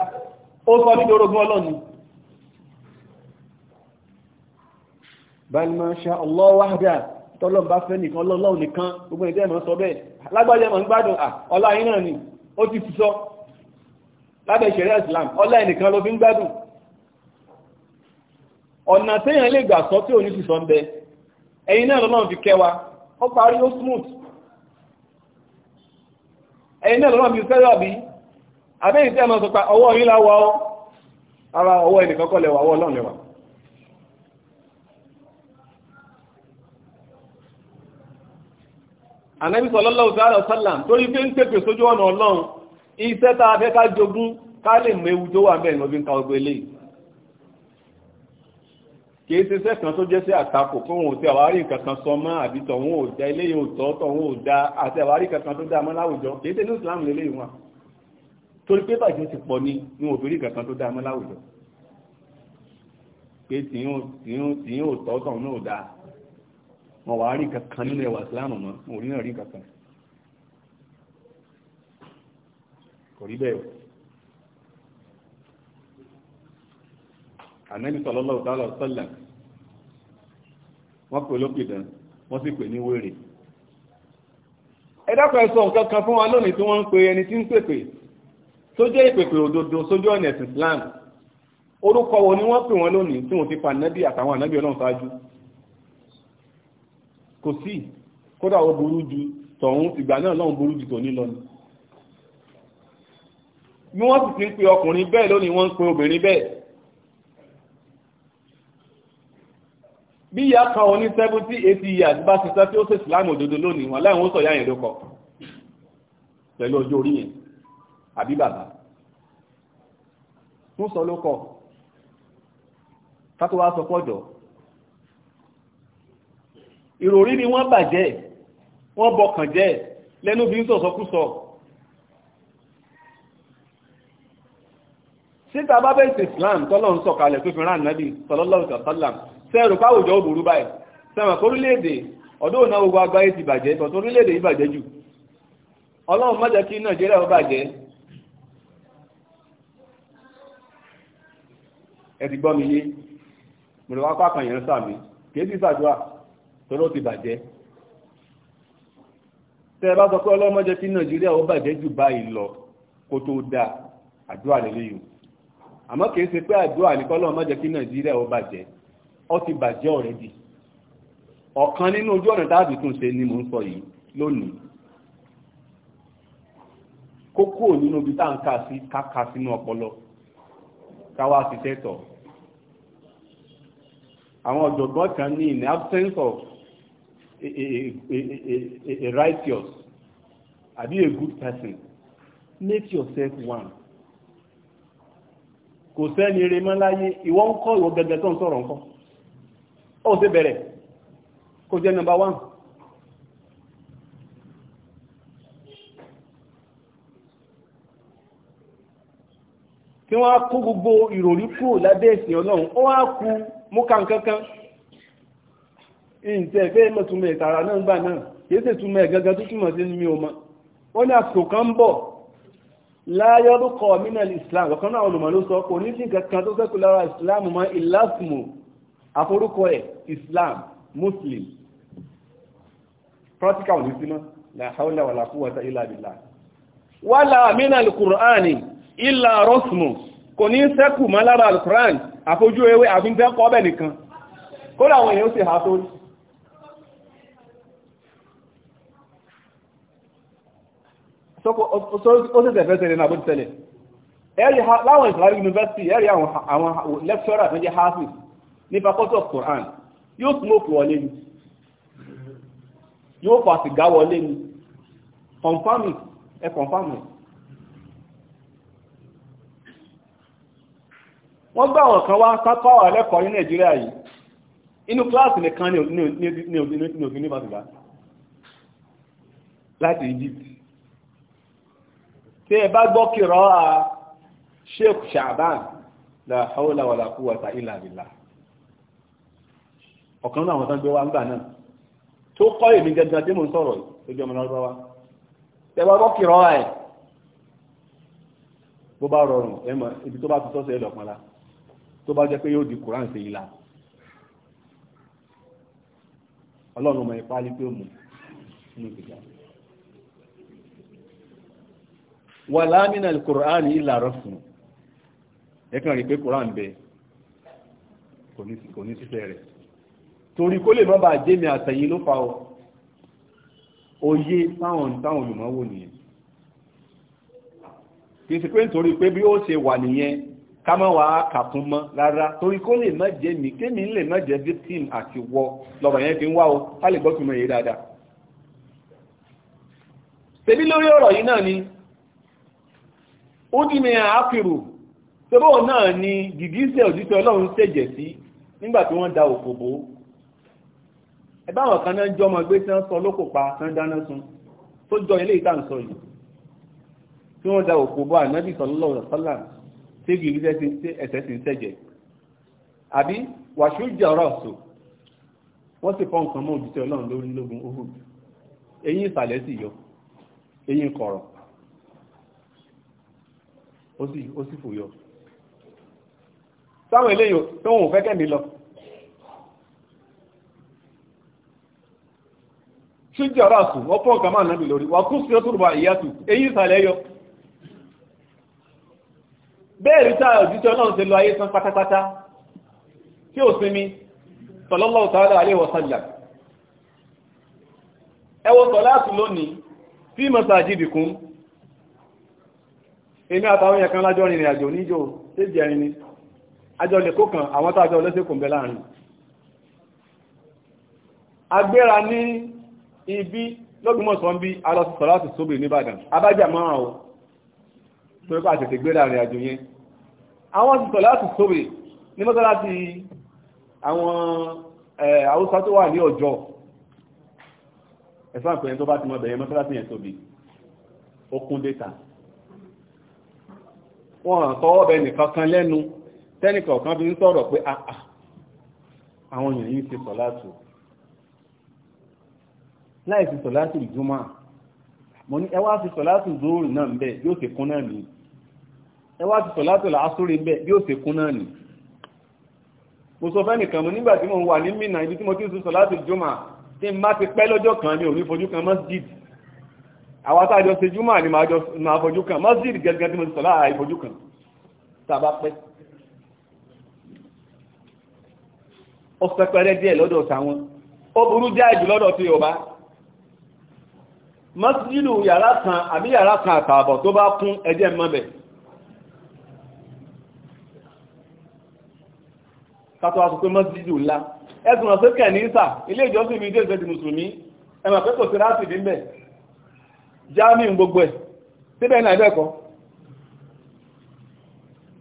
ó sọ nítorógún ọlọ́run báyìí máa ṣá Allah tọ́lọ́ bá fẹ́ nìkan ọlọ́lọ́ nìkan gbogbo sọ bẹ́ẹ̀ lágbàjẹ́ ń gbádùn ọlá ni sọ ìṣẹ̀rẹ́ Islam ọlá ẹnìkan ló fi ń gbádùn ọ̀nà lè gbà sọ tí ní sísọ náà lọ́nà fi kẹwa ó parí ó smooth náà lọ́nà fi ọ̀bí abẹ́yìn tẹ́ sọ pa ọwọ́ ara ọwọ́ ẹnìkan ọwọ́ ọlọ́run ànábì sallallahu ta'ala sallam torí pé ń pèpè sójú ọ̀nà ọlọ́run iṣẹ́ tá a fẹ́ ká jogún ká lè mọ ewu tó wà bẹ́ẹ̀ ni wọ́n fi ń ka ọgbẹ́ eléyìí kìí ṣe iṣẹ́ kan tó jẹ́ sí àtakò fún òun tí àwárí nǹkan kan sọ mọ́ àbí tọ̀hún ò da eléyìí ò tọ́ tọ̀hún ò da àti àwárí kankan tó dáa mọ́ láwùjọ kìí ṣe ní ìsìlámù lélẹ́yìn wọn torí pé bàjẹ́ ti pọ̀ ni ní obìnrin kankan tó dáa mọ́ láwùjọ pé tìyún ò tọ́ tọ̀hún ò da wọn wà á rí nǹkan nínú ẹwà islam mọ́ wọn ò rí náà rí nǹkan kan kò rí bẹ́ẹ̀ o ànábì sallallahu ta'ala wa sallam wọ́n pè lópìdán wọ́n sì pè ní wèrè ẹ dákun ẹ sọ nǹkan kan fún wa lónìí tí wọ́n ń ẹni tí ń pèpè tó jẹ́ ìpèpè òdodo sójú ọ̀nà ẹ̀sìn islam orúkọ wo ni wọ́n pè wọ́n lónìí tí wọ́n ti pa ànábì àtàwọn ànábì ọlọ́run ṣáájú kò sí kódà ó burú ju tọ̀hún ìgbà náà lọ́hùn burú ju tòní lọ ni bí wọ́n sì ti ń pe ọkùnrin bẹ́ẹ̀ lónìí wọ́n ń pe obìnrin bẹ́ẹ̀ bí ìyá kan oní seventy eighty years bá ṣiṣẹ́ tí ó ṣe ìsìláàmù òdodo lónìí wọn láì wọ́n sọ ìyá yẹn ló kọ pẹ̀lú ọjọ́ orí yẹn àbí bàbá wọ́n sọ ló ká tó wá sọ pọ̀jọ́ ìròrí ni wọ́n bàjẹ́ wọ́n bọkàn jẹ́ lẹ́nu bí ń sọ̀sọ́kúsọ síta bá bẹ́ẹ̀ sí Islam tọ́lọ̀ ń sọ̀kalẹ̀ tó fi rán nábì sallallahu alaihi wasallam sẹ́rù káwùjọ òbúrú báyìí sẹ́wọ̀n kórílẹ̀-èdè ọdún òná gbogbo agbáyé ti bàjẹ́ tọ̀tún orílẹ̀-èdè yìí bàjẹ́ jù ọlọ́run má jẹ́ kí Nàìjíríà ó bàjẹ́ ẹ ti gbọ́ mi yé mùrùwá pápá yẹn sàmì kì í sì ṣàdúrà torí ó ti bàjẹ́ tẹ́ ẹ bá sọ pé ọlọ́mọdé tí nàìjíríà ó bàjẹ́ jù báyìí lọ kó tó dáa àdúrà lélẹ́yìn àmọ́ kìí ṣe pé àdúrà ní kọ́lọ́ ọmọdé kí nàìjíríà ó bàjẹ́ ó ti bàjẹ́ ọ̀rẹ́dì ọ̀kan nínú ojú ọ̀nà táàbì tún ṣe ni mò ń sọ yìí lónìí kókó nínú ibi tá à ń kà sí káka sínú ọpọlọ káwá ṣiṣẹ́ tọ̀ àwọn ọ̀jọ̀gbọ́n kan ní in absence of a, a, a, a righteous àbí a good person make yourself one kò sẹ́ni eré mọ́ láyé ìwọ ń kọ́ ìwọ gẹ́gẹ́ tó ń sọ̀rọ̀ nǹkan ó sì bẹ̀rẹ̀ kó jẹ́ number one tí wọ́n á kó gbogbo ìròrí kúrò lábẹ́ ẹ̀sìn ọlọ́run ó wá ku mú kankankan ìǹtẹ̀ ìfẹ́ mọ̀túnmọ̀ ìtara náà gbà náà kìí sì túnmọ̀ ẹ̀gangan tó túnmọ̀ sí mi ò mọ̀ ó ní àsìkò kan ń bọ̀ láyọ́rúkọ mínàlì islam ọ̀kan náà olùmọ̀ ló sọ kò ní sí kankan tó sẹ́kù lára islam mọ́ ìlàsìmò àforúkọ ẹ̀ islam muslim practical ò ní sí mọ́ làhàúlà wà làkúwàtà ilà bìlà wàlà mínàlì kùránì ilà rọ́sùmù kò ní sẹ́kù mọ́ lára alukuran àfojú ewé àfihàn kọ́ bẹ̀ nìkan kódà àwọn èèyàn sì ó sì tẹ̀fẹ́ sẹ́lẹ̀ náà bó ti tẹ́lẹ̀ ẹ̀rí láwọn Islamic University ẹ̀rí àwọn lecturer tó jẹ́ hafiz ní faculty of Quran yóò smoke wọlé ni yóò fa sìgá wọlé ni confirming. it ẹ confirm it wọ́n gbá àwọn kan wá sápá wà lẹ́kọ̀ọ́ ní Nàìjíríà yìí inú kíláàsì nìkan ní òfin ní bàtìgbà láti Egypt tí ẹ bá gbọ́ kìrọ́ a sheikh shaban la hawla wala quwwata illa billah ọ̀kan náà àwọn tán gbé wá ńgbà náà tó kọ́ èmi gẹ́gẹ́ tí mo ń sọ̀rọ̀ lójú ọmọ lọ́wọ́ wa tẹ bá gbọ́ kìrọ́ a ẹ̀ bó bá rọrùn ẹ mọ̀ ibi tó bá ti sọ́sẹ̀ ẹ lọ́pọ̀lá tó bá jẹ́ pé yóò di Quran sí ìlà ọlọ́run ọmọ ìpálí pé mú nínú ìgbìyànjú wà láàmìnà al-Qur'an ìlà rọ́fún ẹkàn rí pé Qur'an bẹ kò ní sífẹ́ rẹ̀ torí kó lè mọ́bà jẹ́mi àtẹ̀yìn ló fa oyé táwọn táwọn olùmọ́wò nìyẹn kì í sì pé nítorí pé bí ó ṣe wà nìyẹn ká mọ́ wàá kàkún mọ́ rárá torí kó lè mọ́ jẹ́mi kémi lè mọ́ jẹ́ victim àti wọ lọ́bà yẹn fi ń wá o ká lè gbọ́ fi mọ̀ èyí dáadáa ó dí ní àáfìrù tẹ́bọ̀ náà ni gìgísẹ̀ òjíṣẹ́ ọlọ́run ṣèjẹ̀ sí nígbà wọ́n da òkò bò kan náà jọ ọmọ tí wọ́n sọ lókò pa tán dáná sun tó jọ ilé yìí tí wọ́n da òkò bò ànábì sallallahu alaihi wasallam tí gìgísẹ̀ ẹ̀sẹ̀ ó sì ó sì fòyọ sáwọn eléyìí tó wọn fẹ́kẹ́ mi lọ ṣíjì ọ̀rọ̀ àsùn ọ̀pọ̀ ọ̀gá máa nábì lórí wà kún sí ọtúrùbà ìyàtù èyí ìsàlẹ̀ yọ bẹ́ẹ̀rí tá òjíṣẹ́ ọlọ́run ti lọ ayé san pátápátá tí ó sinmi sallallahu ta'ala alaihi wa sallam ẹ wo sọ̀lá àsùn lónìí fi masajidikum èmi àtàwọn èèyàn kan lájọ́ rìnrìn àjò níjò tí jẹrin ni àjọ lè kó kan àwọn tàjọ lẹ́sẹ̀kùn bẹ láàrin agbéra ní ibi lọ́gbùmọ̀sán bí alọ́sọ̀sọ̀ láti sóbì nìbàdàn abájà máa ọ̀ tó ipá àtẹ̀tẹ̀ gbéra rìn àjò yẹn àwọn sọ̀sọ̀ láti sóbì ní mọ́sálásí àwọn haúsá tó wà ní ọjọ́ ẹ̀sán àpẹẹrẹ tó bá ti mọ bẹ̀rẹ̀ mọ́sálásí yẹn tóbi ó kún dé ta wọ́n tọwọ́ bẹ nìkan kan lẹ́nu tẹ́nìkọ̀ kan fi ń sọ̀rọ̀ pé àà ah, ah, àwọn èèyàn yìí ti sọ láti láì ti sọ láti ìjúmọ́ mo ní ẹwà ti sọ láti zoro náà ń bẹ bí ó ti kún náà ní ẹwà ti sọ láti làásùrè ń bẹ bí ó ti kún náà ní mo sọ fẹ́ nìkan mo nígbà tí mo wà ní Mínà ibi tí mo ti sọ láti ìjúmọ́ tí n bá ti pẹ́ lọ́jọ́ kan ní orí fojú kan mọ́sídìdì àwọn àtàjọ ṣe júmọ̀ ni máa fojú kan masjid gẹ́gẹ́ tí mo ti sọ̀lá ìfojú kan tàbá pẹ́ ó pẹ́pẹ́rẹ́ díẹ̀ lọ́dọ̀ tàwọn ó burú jáì jù lọ́dọ̀ tí Yorùbá masjidu yàrá kan àbí yàrá kan àtààbọ̀ tó bá kún ẹjẹ́ mọ́bẹ̀ tàtọ́ àtúkọ́ masjidu ńlá ẹ̀sùn ọ̀sẹ́kẹ̀ ní ìsà ilé ìjọsìn mi dé ìjọ́sìn mùsùlùmí ẹ̀mà pẹ́kọ̀ sí láti bí jamiu gbogbo ẹ̀ síbẹ̀ náà ẹ̀bẹ̀ kọ́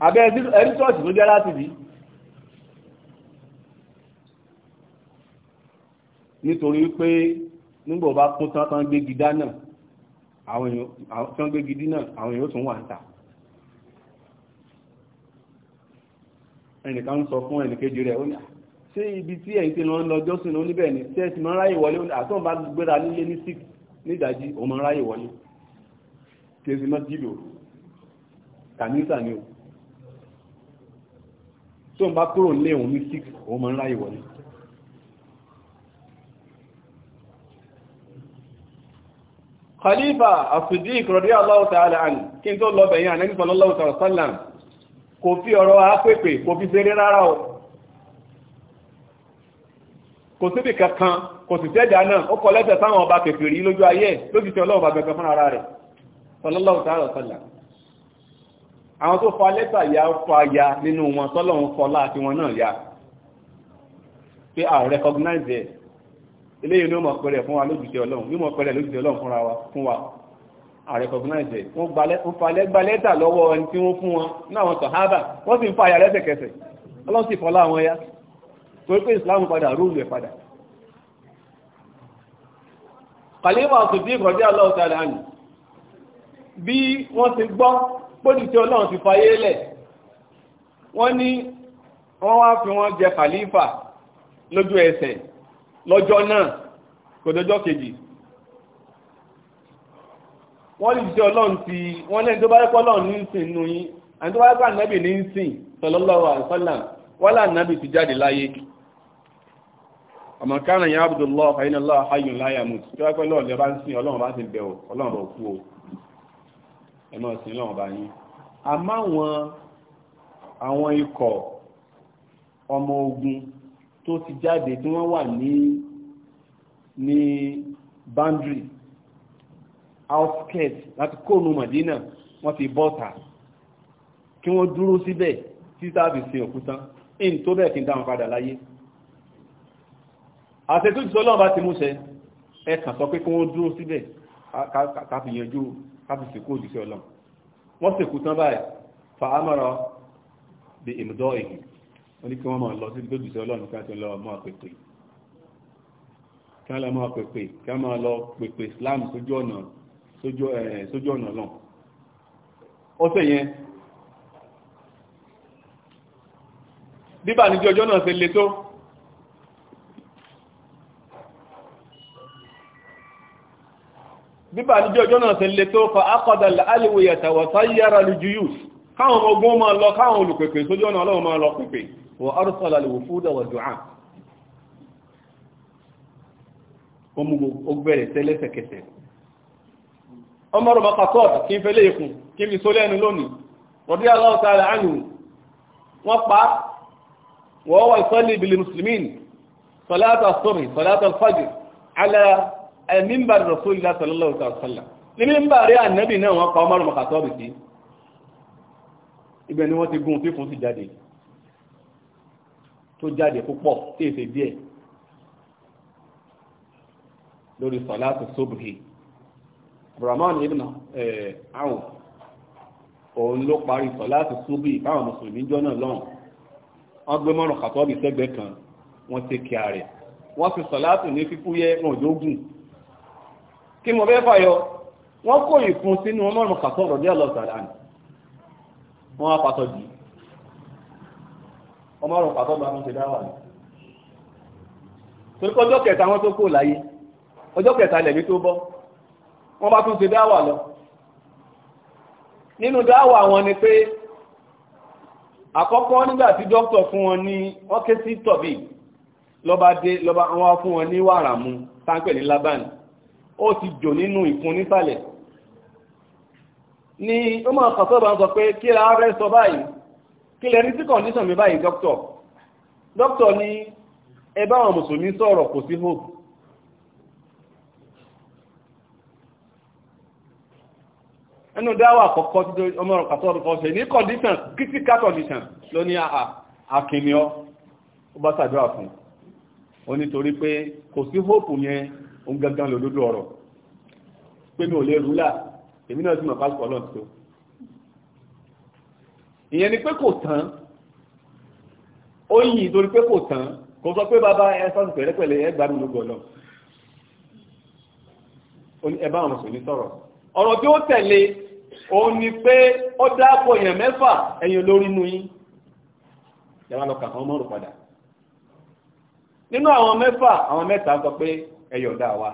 abẹ́ ẹ̀rí ṣọ́ọ̀ṣì ló jẹ́ láti bí nítorí pé nígbà bá kún tán tán gbégi dáná àwọn èèyàn tán gbégi dínà àwọn èèyàn tún wà ń ta ẹnìkan ń sọ fún ẹnìkejì rẹ̀ ó ní ibi tí ẹ̀yin ti lọ lọ jọ́sìn ló ni tẹ́ẹ̀sì máa ń ráyè nílé ní six nídàájí o máa ráyè wọlé kèsì mọ́sídìí òru kànísà ni o tó ń bá kúrò nílé òun ní six o máa ráyè wọlé Khalifa As-Siddiq radiyallahu ta'ala anhu kí n tó lọ bẹ̀yìn ànẹ́bí sallallahu ta'ala sallam kò fi ọ̀rọ̀ apẹ́pẹ́ kò fi ṣeré rárá o kò síbì kankan kò sì tẹ́jà náà ó kọ lẹ́sẹ̀ sáwọn ọba kèfèrí lójú ayé ẹ̀ lójú tí ọlọ́run bá gbẹ̀gbẹ̀ fún ara rẹ̀ sọlọ́lọ́run tààrà sọlá àwọn tó fa lẹ́sà ya fa ya nínú wọn sọlọ́run fọlá àti wọn náà ya pé a recognize ẹ̀ eléyìí ni ó mọ̀ pẹ̀rẹ̀ fún wa lójú tí ọlọ́run ní mọ̀ pẹ̀rẹ̀ lójú tí ọlọ́run fúnra wa fún wa a recognize ẹ̀ wọ́n fa lẹ́sà lọ́wọ́ ẹni tí wọ́n fún wọn náà wọn sàhábà wọ́n sì ń fa ya lẹ́sẹ̀kẹsẹ̀ ọlọ́run sì fọlá àwọn ya torí pé ìsìláàmù padà rúùlù ẹ̀ padà kàlífà sùdí ìkọ̀dí aláwọ̀ tààrà àmì bí wọ́n ti gbọ́ pódì tí ọlọ́run ti fayé lẹ̀ wọ́n ní wọ́n wá fi wọ́n jẹ kàlífà lójú ẹsẹ̀ lọ́jọ́ náà kò dọjọ́ kejì wọ́n lè jẹ́ ọlọ́run ti wọ́n lẹ́ni tó bá rẹ́pọ́ ọlọ́run ní sìn nù yín àti tó bá rẹ́pọ́ ànábì ní sìn sallallahu alaihi wasallam wọ́n là àmọ́ kánà yẹn abudulọ́ fàyín lọ́ hayun láyà mú tí wọ́n pẹ́ lọ́ọ̀ lẹ́ bá ń sìn ọlọ́run bá ti bẹ̀ ọ́ ọlọ́run bá kú o ẹ máa sìn ọlọ́run bá yín àmọ́ àwọn àwọn ikọ̀ ọmọ ogun tó ti jáde tí wọ́n wà ní ní boundary outskirt láti kóònù madina, wọ́n ti bọ́ta kí wọ́n dúró síbẹ̀ títà fi sin òkúta èyí tó bẹ́ẹ̀ kí n dáhùn padà láyé àṣẹ tó jùsọ́ lọ́wọ́ bá ti múṣẹ ẹ kàn sọ pé kí wọ́n dúró síbẹ̀ káfí yanjú káfí sèkú òjìṣẹ́ ọlọ́run wọ́n sèkú tán báyìí fa amọ̀rọ̀ bí ìmùdọ́ èyí wọ́n ní kí wọ́n máa lọ sí lójúṣẹ́ ọlọ́run ká ti lọ máa pèpè kí wọ́n lọ máa pèpè kí wọ́n máa lọ pèpè Islam sójú ọ̀nà sójú ọ̀nà náà ọ̀sẹ̀ yẹn bíbà níjọ́ ọjọ́ náà tẹ́lẹ̀ tó fa akọ̀dàlẹ̀ alìwòyẹ̀ tàwọ̀tá yára lójú yìí káwọn ogun máa lọ káwọn olùpèpè sójú ọ̀nà ọlọ́run máa lọ pèpè wọ arúsọ̀lá lè wò fúdà wà dùn án ó bẹ̀rẹ̀ tẹ́lẹ̀sẹ̀kẹsẹ̀ ọmọ rọ̀bà kakọ́ kí n fẹ́lẹ̀ ikùn mímbàrí rasulillah sallallahu alaihi wasallam ní mímbàrí ànábì náà wọ́n pa Umar makasọ́bì sí ibẹ̀ ni wọ́n ti gún tí fún sí jáde tó jáde púpọ̀ tí èsè díẹ̀ lórí salatu subhi Rahman ibn Awf òun ló parí salatu subhi báwọn mùsùlùmí jọ náà lọ́hùn wọ́n gbé mọ́rùn kàtọ́bì sẹ́gbẹ̀ẹ́ kan wọ́n ti kí a rẹ̀ wọ́n fi salatu ní fífúyẹ́ wọn ò kí mo fẹ́ fàyọ wọ́n kó ìfun sínú ọlọ́run kàtọ́ ọ̀rọ̀ díẹ̀ lọ́sàdá ni wọ́n á pàtọ́ jì ọmọrùn pàtọ́ bá wọn ṣe dáwà ni torí ọjọ́ kẹta wọn tó kó láyé ọjọ́ kẹta lẹ̀mí tó bọ́ wọ́n bá tún ṣe dáwà lọ nínú dáwà wọn ni pé àkọ́kọ́ nígbà tí dókítà fún wọn ní wọ́n ké sí tọ̀bí lọ́ba dé lọ́ba wọn fún wọn ní wàrà mu táǹpẹ̀ ní lábàánì ó ti jò nínú ìkun nísàlẹ̀ ni ó máa kàn sọ́ba ń sọ pé kí la rẹ́ sọ báyìí kí lẹ ní sí kọ̀ǹdíṣàn mi báyìí dókítọ̀ dókítọ̀ ni ẹ bá àwọn mùsùlùmí sọ̀rọ̀ kò sí hope ẹnu dáwà àkọ́kọ́ tí ọmọ ọ̀rọ̀ kàtọ́ ọ̀rọ̀ ṣe ní condition critical condition ló ní àkìní ọ ó bá ṣàdúrà fún ó nítorí pé kò sí hope yẹn ó ń gángan lòdòdó ọ̀rọ̀ pé mi ò lè rúlà èmi náà sì mọ̀ pásítọ̀ ọlọ́run ti tó ìyẹn ni pé kò tán ó yìn nítorí pé kò tán kò sọ pé bàbá ẹ sọ́sùn pẹ̀lẹ́pẹ̀lẹ́ ẹ gbádùn lógo ọlọ́run ẹ bá sọ̀rọ̀ ọ̀rọ̀ tí ó tẹ̀lé òun ni pé ó dápọ̀ èèyàn mẹ́fà ẹ̀yìn olórí inú yín ìjọba lọ kà fún ọmọ padà nínú àwọn mẹ́fà àwọn mẹ́ta sọ pé ẹyọ̀dá wa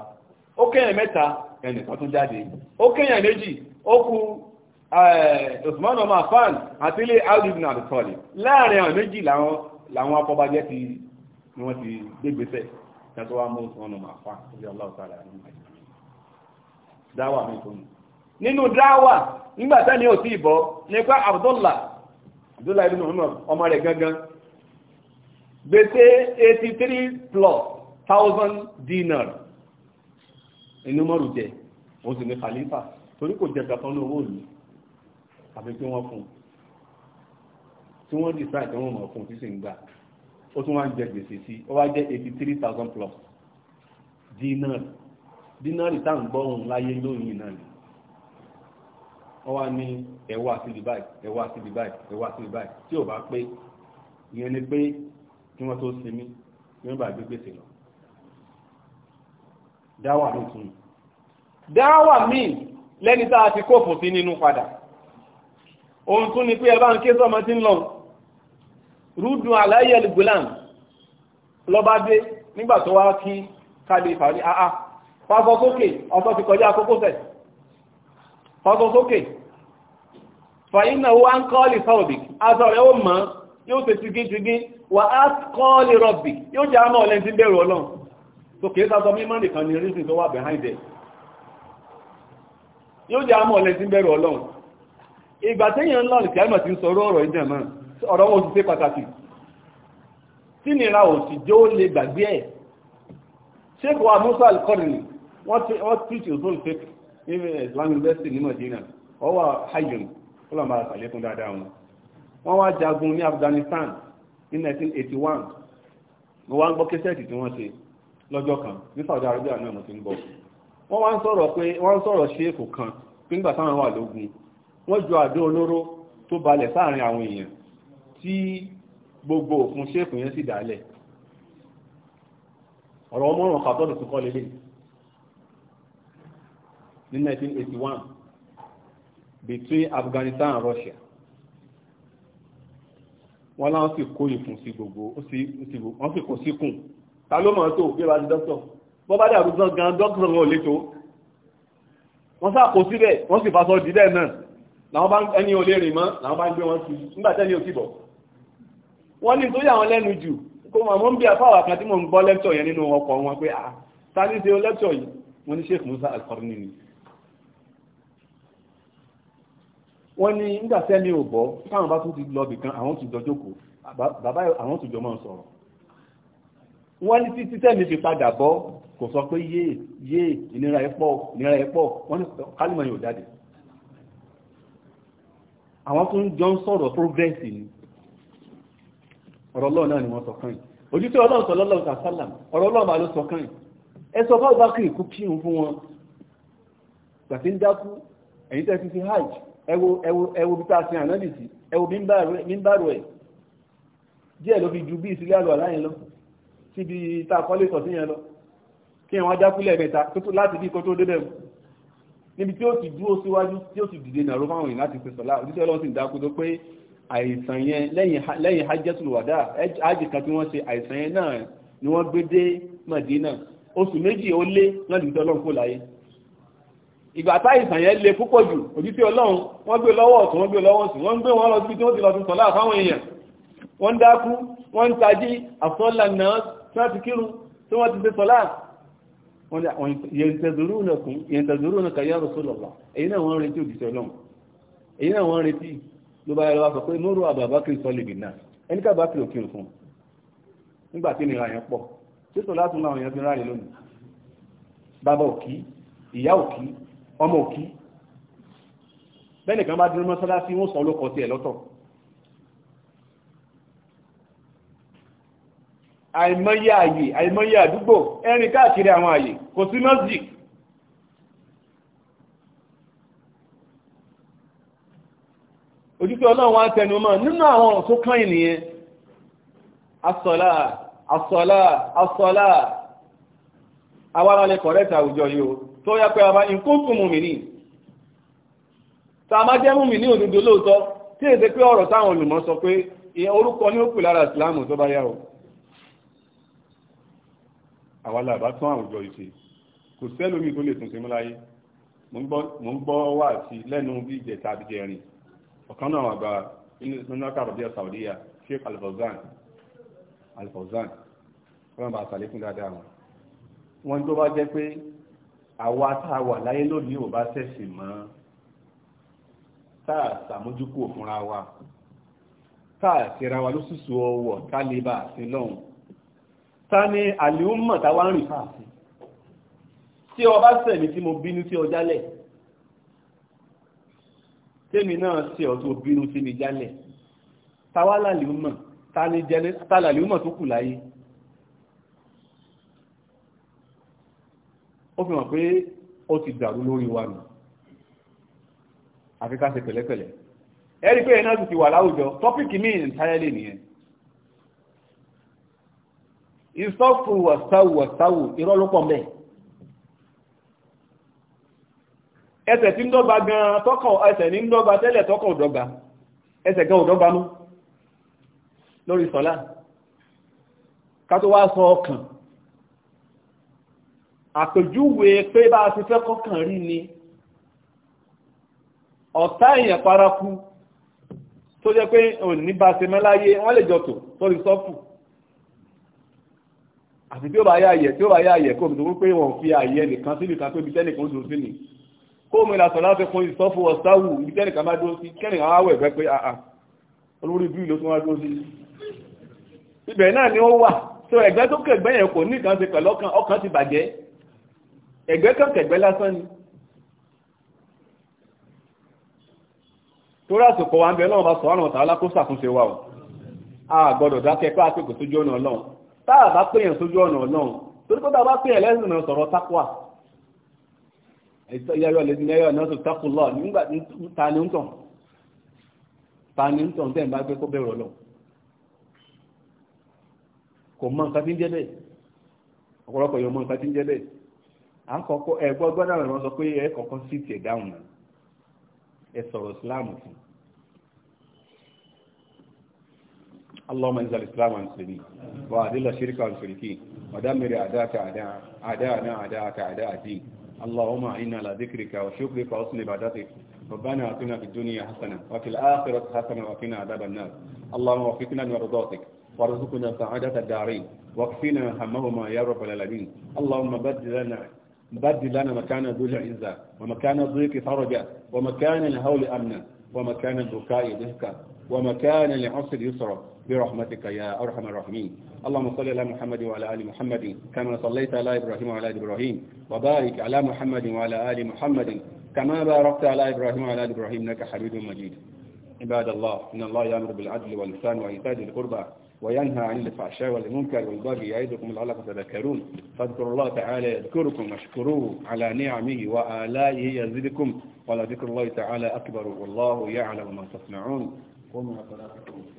ó kẹ́yàn mẹ́ta ẹnìkan tún jáde ó kẹ́yàn méjì ó kú eh, Usman ọmọ afan àti ilé alibin àdìsọ́lì láàrin àwọn méjì làwọn ti ni wọ́n ti gbégbèsẹ̀ Abdullah ibn Umar ọmọ rẹ̀ gangan gbèsè 83 plus thousand dinar inú mọ́rù jẹ òun sì ní khalifa torí kò jẹ kankan ní owó ìlú àfi pé wọ́n fún tí wọ́n decide tí wọ́n mọ̀ fún tí sì ń gbà ó tún wá ń jẹ gbèsè sí ó wá jẹ eighty three thousand plus dinar dinar tá à ń gbọ́ òun láyé lóyún náà ni wọ́n wá ní ẹ̀wọ́ àti dubai ẹ̀wọ́ àti dubai ẹ̀wọ́ àti dubai tí ò bá pé ìyẹn ni pé kí wọ́n tó sinmi ní wọ́n bá gbé gbèsè lọ dáwà mi tún dáwà mi lẹ́ni tá a ti kófò sí nínú padà ohun tún ni pé ẹ bá ń ké sọmọ tí ń lọ rúdùn aláyẹlì gulam lọ́ba dé nígbà tó wá kí kálí ìfàrí ah, ah. àá fọ́sọ́ sókè ọ̀sọ́ ti kọjá kókósẹ̀ fọ́sọ́ sókè fàyínà wá ń kọ́ọ̀lì sọ́ọ̀bì aṣọ rẹ̀ ó mọ́ yóò ṣe tigítigí wà á kọ́ọ̀lì rọ̀bì yóò jẹ́ àmọ́ ọ̀lẹ́ntí bẹ̀rù ọlọ́run so kìí sásọ mímọ́ nìkan ni reason tó wà behind it yóò jẹ́ àmọ́ ọ̀lẹ́ tí ń bẹ̀rù ọlọ́run ìgbà téèyàn ńlá nìkẹ́ àmọ́ ti ń sọ ọ̀rọ̀ ìjẹ̀ mọ́ ọ̀rọ̀ wọn ti ṣe pàtàkì tí nira ò sì jẹ́ ó lè gbàgbé ẹ̀ sheikh wa musa al-Qarni wọ́n teach usul fiqh ní Islam University ní Madina ọwọ́ hajjun ọlọ́mọ àṣàlékún dáadáa wọn wọ́n wá jagun ní Afghanistan in 1981 mo wá ń gbọ́ kẹsẹ́ẹ̀tì tí wọ́n ṣe lọ́jọ́ kan ní Saudi Arabia náà mo ti ń bọ̀ wọ́n wá ń sọ̀rọ̀ pé wọ́n ń sọ̀rọ̀ ṣe èkó kan nígbà táwọn wà lógun wọ́n ju àdó olóró tó balẹ̀ sáàrin àwọn èèyàn tí gbogbo òfin ṣéèkù yẹn sì dálẹ̀ ọ̀rọ̀ ọmọrùn kàtọ́dù tó kọ́ lélẹ̀ ní 1981 between Afghanistan and Russia wọ́n láwọn sì kó ìfún sí gbogbo wọ́n sì kó síkùn ta ló mọ̀ tó bí ó bá ti dọ́kítọ̀ bọ́ bá dàrú sán gan dọ́kítọ̀ wọn ò lè tó wọ́n sàkó síbẹ̀ wọ́n sì fasọ dídẹ̀ náà làwọn bá ẹni ò lè rìn mọ́ làwọn bá ń gbé wọn sí nígbà tẹ́ni ò tìbọ̀ wọ́n ní tó yà wọn lẹ́nu jù kó mọ̀ mọ́ ń bí afáwà kan tí mò ń gbọ́ lẹ́kítọ̀ yẹn nínú ọkọ̀ wọn pé ah ta ní ṣe lẹ́kítọ̀ yìí wọ́n ní Sheikh Musa Al-Qarni ni wọ́n ní nígbà tẹ́ni ò bọ́ táwọn bá tún ti lọ bìkan àwọn tún jókòó bàbá àwọn tún jọ sọ̀rọ̀ wọ́n ní títí tẹ́mi fi padà bọ́ kò sọ pé yé yé ìnira ẹ̀pọ̀ ìnira ẹ̀pọ̀ wọ́n ní kálímọ̀ yóò jáde àwọn tó ń jọ ń sọ̀rọ̀ progress ni ọ̀rọ̀ ọlọ́run náà ni wọ́n sọ kàn yìí ojútọ́ ọlọ́run sọlọ́lọ́run sàṣálàm ọ̀rọ̀ ọlọ́run bá ló sọ kàn yìí ẹ sọ fáwọn bá kìí kú kírun fún wọn gbàtí ń dákú ẹ̀yìn tẹ́ fi fi hajj ẹwo ẹwo ẹwo bí tá a sin ànábìsí ẹwo mímbàrò ẹ̀ díẹ̀ ló fi ju bí ìsílẹ̀ àlọ́ àláyìn lọ́wọ́ síbi tá a kọ́lé sọ sí yẹn lọ kí wọ́n jákúlẹ̀ mẹ́ta láti bí kó tó débẹ̀ mu níbi tí ó ti dúró síwájú tí ó ti dìde nàró fáwọn èèyàn láti pèsè láà òjíṣẹ́ ọlọ́run sì ń dákú tó pé àìsàn yẹn lẹ́yìn hajjatul wada ájì kan tí wọ́n ṣe àìsàn yẹn náà ni wọ́n gbé dé Madina oṣù méjì ó lé náà lè ọlọ́run kó láyé ìgbà táìsàn yẹn le púpọ̀ jù òjíṣẹ́ ọlọ́run wọ́n gbé lọ́wọ́ ọ̀tún wọ́n gbé lọ́wọ́ ọ̀tún wọ́n gbé wọn lọ síbi tí wọ́n ti lọ sí sọ́lá fáwọn èèyàn wọ́n dákú wọ́n ń tají àsọ́là tí wọ́n ti kírun tí wọ́n ti ṣe sọ́lá yẹntẹ̀zúrúnà kàyà rọ̀sọ́lọ̀lá èyí náà wọ́n retí òjìṣẹ́ ọlọ́run èyí náà wọ́n retí ló bá yẹ lọ́wọ́ sọ pé mọ́rù àbàbákìrì sọ́lì bìnà ẹni ká bákìrì òkìrì fún nígbà tí nira yẹn pọ̀ títò látún láwọn èèyàn fi ráyè lónìí bàbá òkí ìyá òkí ọmọ òkí bẹ́ẹ̀ nìkan bá dúró mọ́sálásí wọ́n àìmọye àyè àìmọye àdúgbò ẹ̀rìn káàkiri àwọn àyè kò sí mọ́sídì ojútọ́ ọlọ́run wá tẹnu mọ́ nínú àwọn ọ̀rọ̀ tó kàn nìyẹn asọ́lá asọ́lá asọ́lá awárálẹ̀ kọ̀rẹ́tà àwùjọ yìí o tó yá pé àbá ìkókùn mùmí ní tàbá jẹ́ mùmí ní òdodo lóòótọ́ tí èdè pé ọ̀rọ̀ táwọn olùmọ̀ sọ pé orúkọ ní ó kù lára ìsìláàmù tó bá yá o àwa la bá tún àwùjọ ìṣe kò sẹ́lómi tó lè tún ṣe mú láyé mo ń gbọ́ wà sí lẹ́nu bí ìjẹta àti jẹrin ọ̀kan náà àgbà nínú àkàrọ̀bíà Saudiya Sheikh Al-Fawzan Al-Fawzan wọ́n bá sàlékún dáadáa wọn wọ́n tó bá jẹ́ pé àwa tá a wà láyé lónìí ò bá ṣẹ̀sìn mọ́ tá a sàmójúkú òfúnra wa tá a ṣera wa lóṣùṣù ọwọ́ tá lè bá a sí lọ́hùn ta ni àlìúmọ̀ táwa ń rìn fáàsì tí ọba sẹ̀mí tí mo bínú tí ọ jálẹ̀ tèmi náà ṣe ọ̀tún bínú tí mi jálẹ̀ táwa làlìúmọ̀ ta làlìúmọ̀ tó kù láyé ó fi hàn pé ó ti dàrú lórí wa nù àfi ká ṣe pẹ̀lẹ́pẹ̀lẹ́ ẹ̀rí pé iná ti wà láwùjọ tọ́pìkì míì entirely nìyẹn ìsọ́fù wọ̀sáwù wọ̀sáwù irọ́ ló pọ̀ mẹ́ ẹsẹ̀ tí ń dọ́gba gan-an tọ́kọ̀ ẹsẹ̀ ní ń dọ́gba tẹ́lẹ̀ tọ́kọ̀ òdọ́gba ẹsẹ̀ gan òdọ́gba mú lórí sọ́lá ká tó wá sọ ọkàn àpèjúwe pé bá a ti fẹ́ kọ́kàn rí ni ọ̀tá èèyàn paraku tó jẹ́ pé òní bá a ti mẹ́láyé wọ́n lè jọ tò sórí sọ́fù àti tí ó bá yá ayẹ̀ tí ó bá yá ayẹ̀ kó mi tó pé wọn fi ayẹ̀ nìkan sí nìkan tó ibi tẹ́nìkan dúró sí ni kó mi là sọ̀rọ̀ láti fún ìsọ́fù ọ̀sáwù ibi tẹ́nìkan bá dúró sí kẹ́nìkan wá wẹ̀ fẹ́ pé àà olórí bí ló tún wá dúró sí ibẹ̀ náà ni ó wà tó ẹ̀gbẹ́ tó kẹ̀gbẹ́ yẹn kò ní ìkan ṣe pẹ̀lú ọkàn ọkàn ti bàjẹ́ ẹ̀gbẹ́ kan kẹ̀gbẹ́ lásán ni torí àsìkò wa ń bẹ náà bá sọ̀rọ̀ àwọn tààlà kó ṣàtúnṣe wa o a gbọ́dọ̀ dákẹ́ pé àpèkò tó jóná náà táà bá pèèyàn sójú ọ̀nà ọlọ́run torí kó tàbá pèèyàn lẹ́sìn náà sọ̀rọ̀ tákùà ìyáyọ̀ lẹ́sìn ẹ̀yọ̀ náà sọ tákùlọ nígbà ta ni ń tàn ta ni ń tàn bá gbé kó bẹ̀rù kò mọ nǹkan tí ń jẹ́ bẹ́ẹ̀ ọ̀pọ̀lọpọ̀ yóò mọ nǹkan tí ń jẹ́ bẹ́ẹ̀ à ń kọ́kọ́ ẹ̀gbọ́n gbọ́dọ̀ sọ pé sí tiẹ̀ dáhùn náà ẹ sọ̀rọ̀ fún un اللهم انزل الاسلام المسلمين واذل الشرك المشركين ودمر اعداءك اعداء اعداءنا اعداءك اعداء الدين اللهم اعنا على ذكرك وشكرك وحسن عبادتك ربنا اتنا في الدنيا حسنه وفي الاخره حسنه وقنا عذاب النار اللهم وفقنا لرضاك وارزقنا سعاده الدارين واكفنا همهما يا رب العالمين اللهم بدل لنا بدل لنا مكان ذو العزة ومكان الضيق فرجا ومكان الهول أمنا ومكان البكاء ضحكا ومكان العسر يسرا برحمتك يا أرحم الراحمين اللهم صل على محمد وعلى آل محمد كما صليت على إبراهيم وعلى آل إبراهيم وبارك على محمد وعلى آل محمد كما باركت على إبراهيم وعلى آل إبراهيم إنك حميد مجيد عباد الله إن الله يأمر بالعدل والإحسان وإيتاء ذي القربى وينهى عن الفحشاء والمنكر والبغي يعظكم لعلكم تذكرون فاذكروا الله تعالى يذكركم واشكروه على نعمه وآلائه يزدكم ولذكر الله تعالى أكبر والله يعلم ما تصنعون قوموا صلاتكم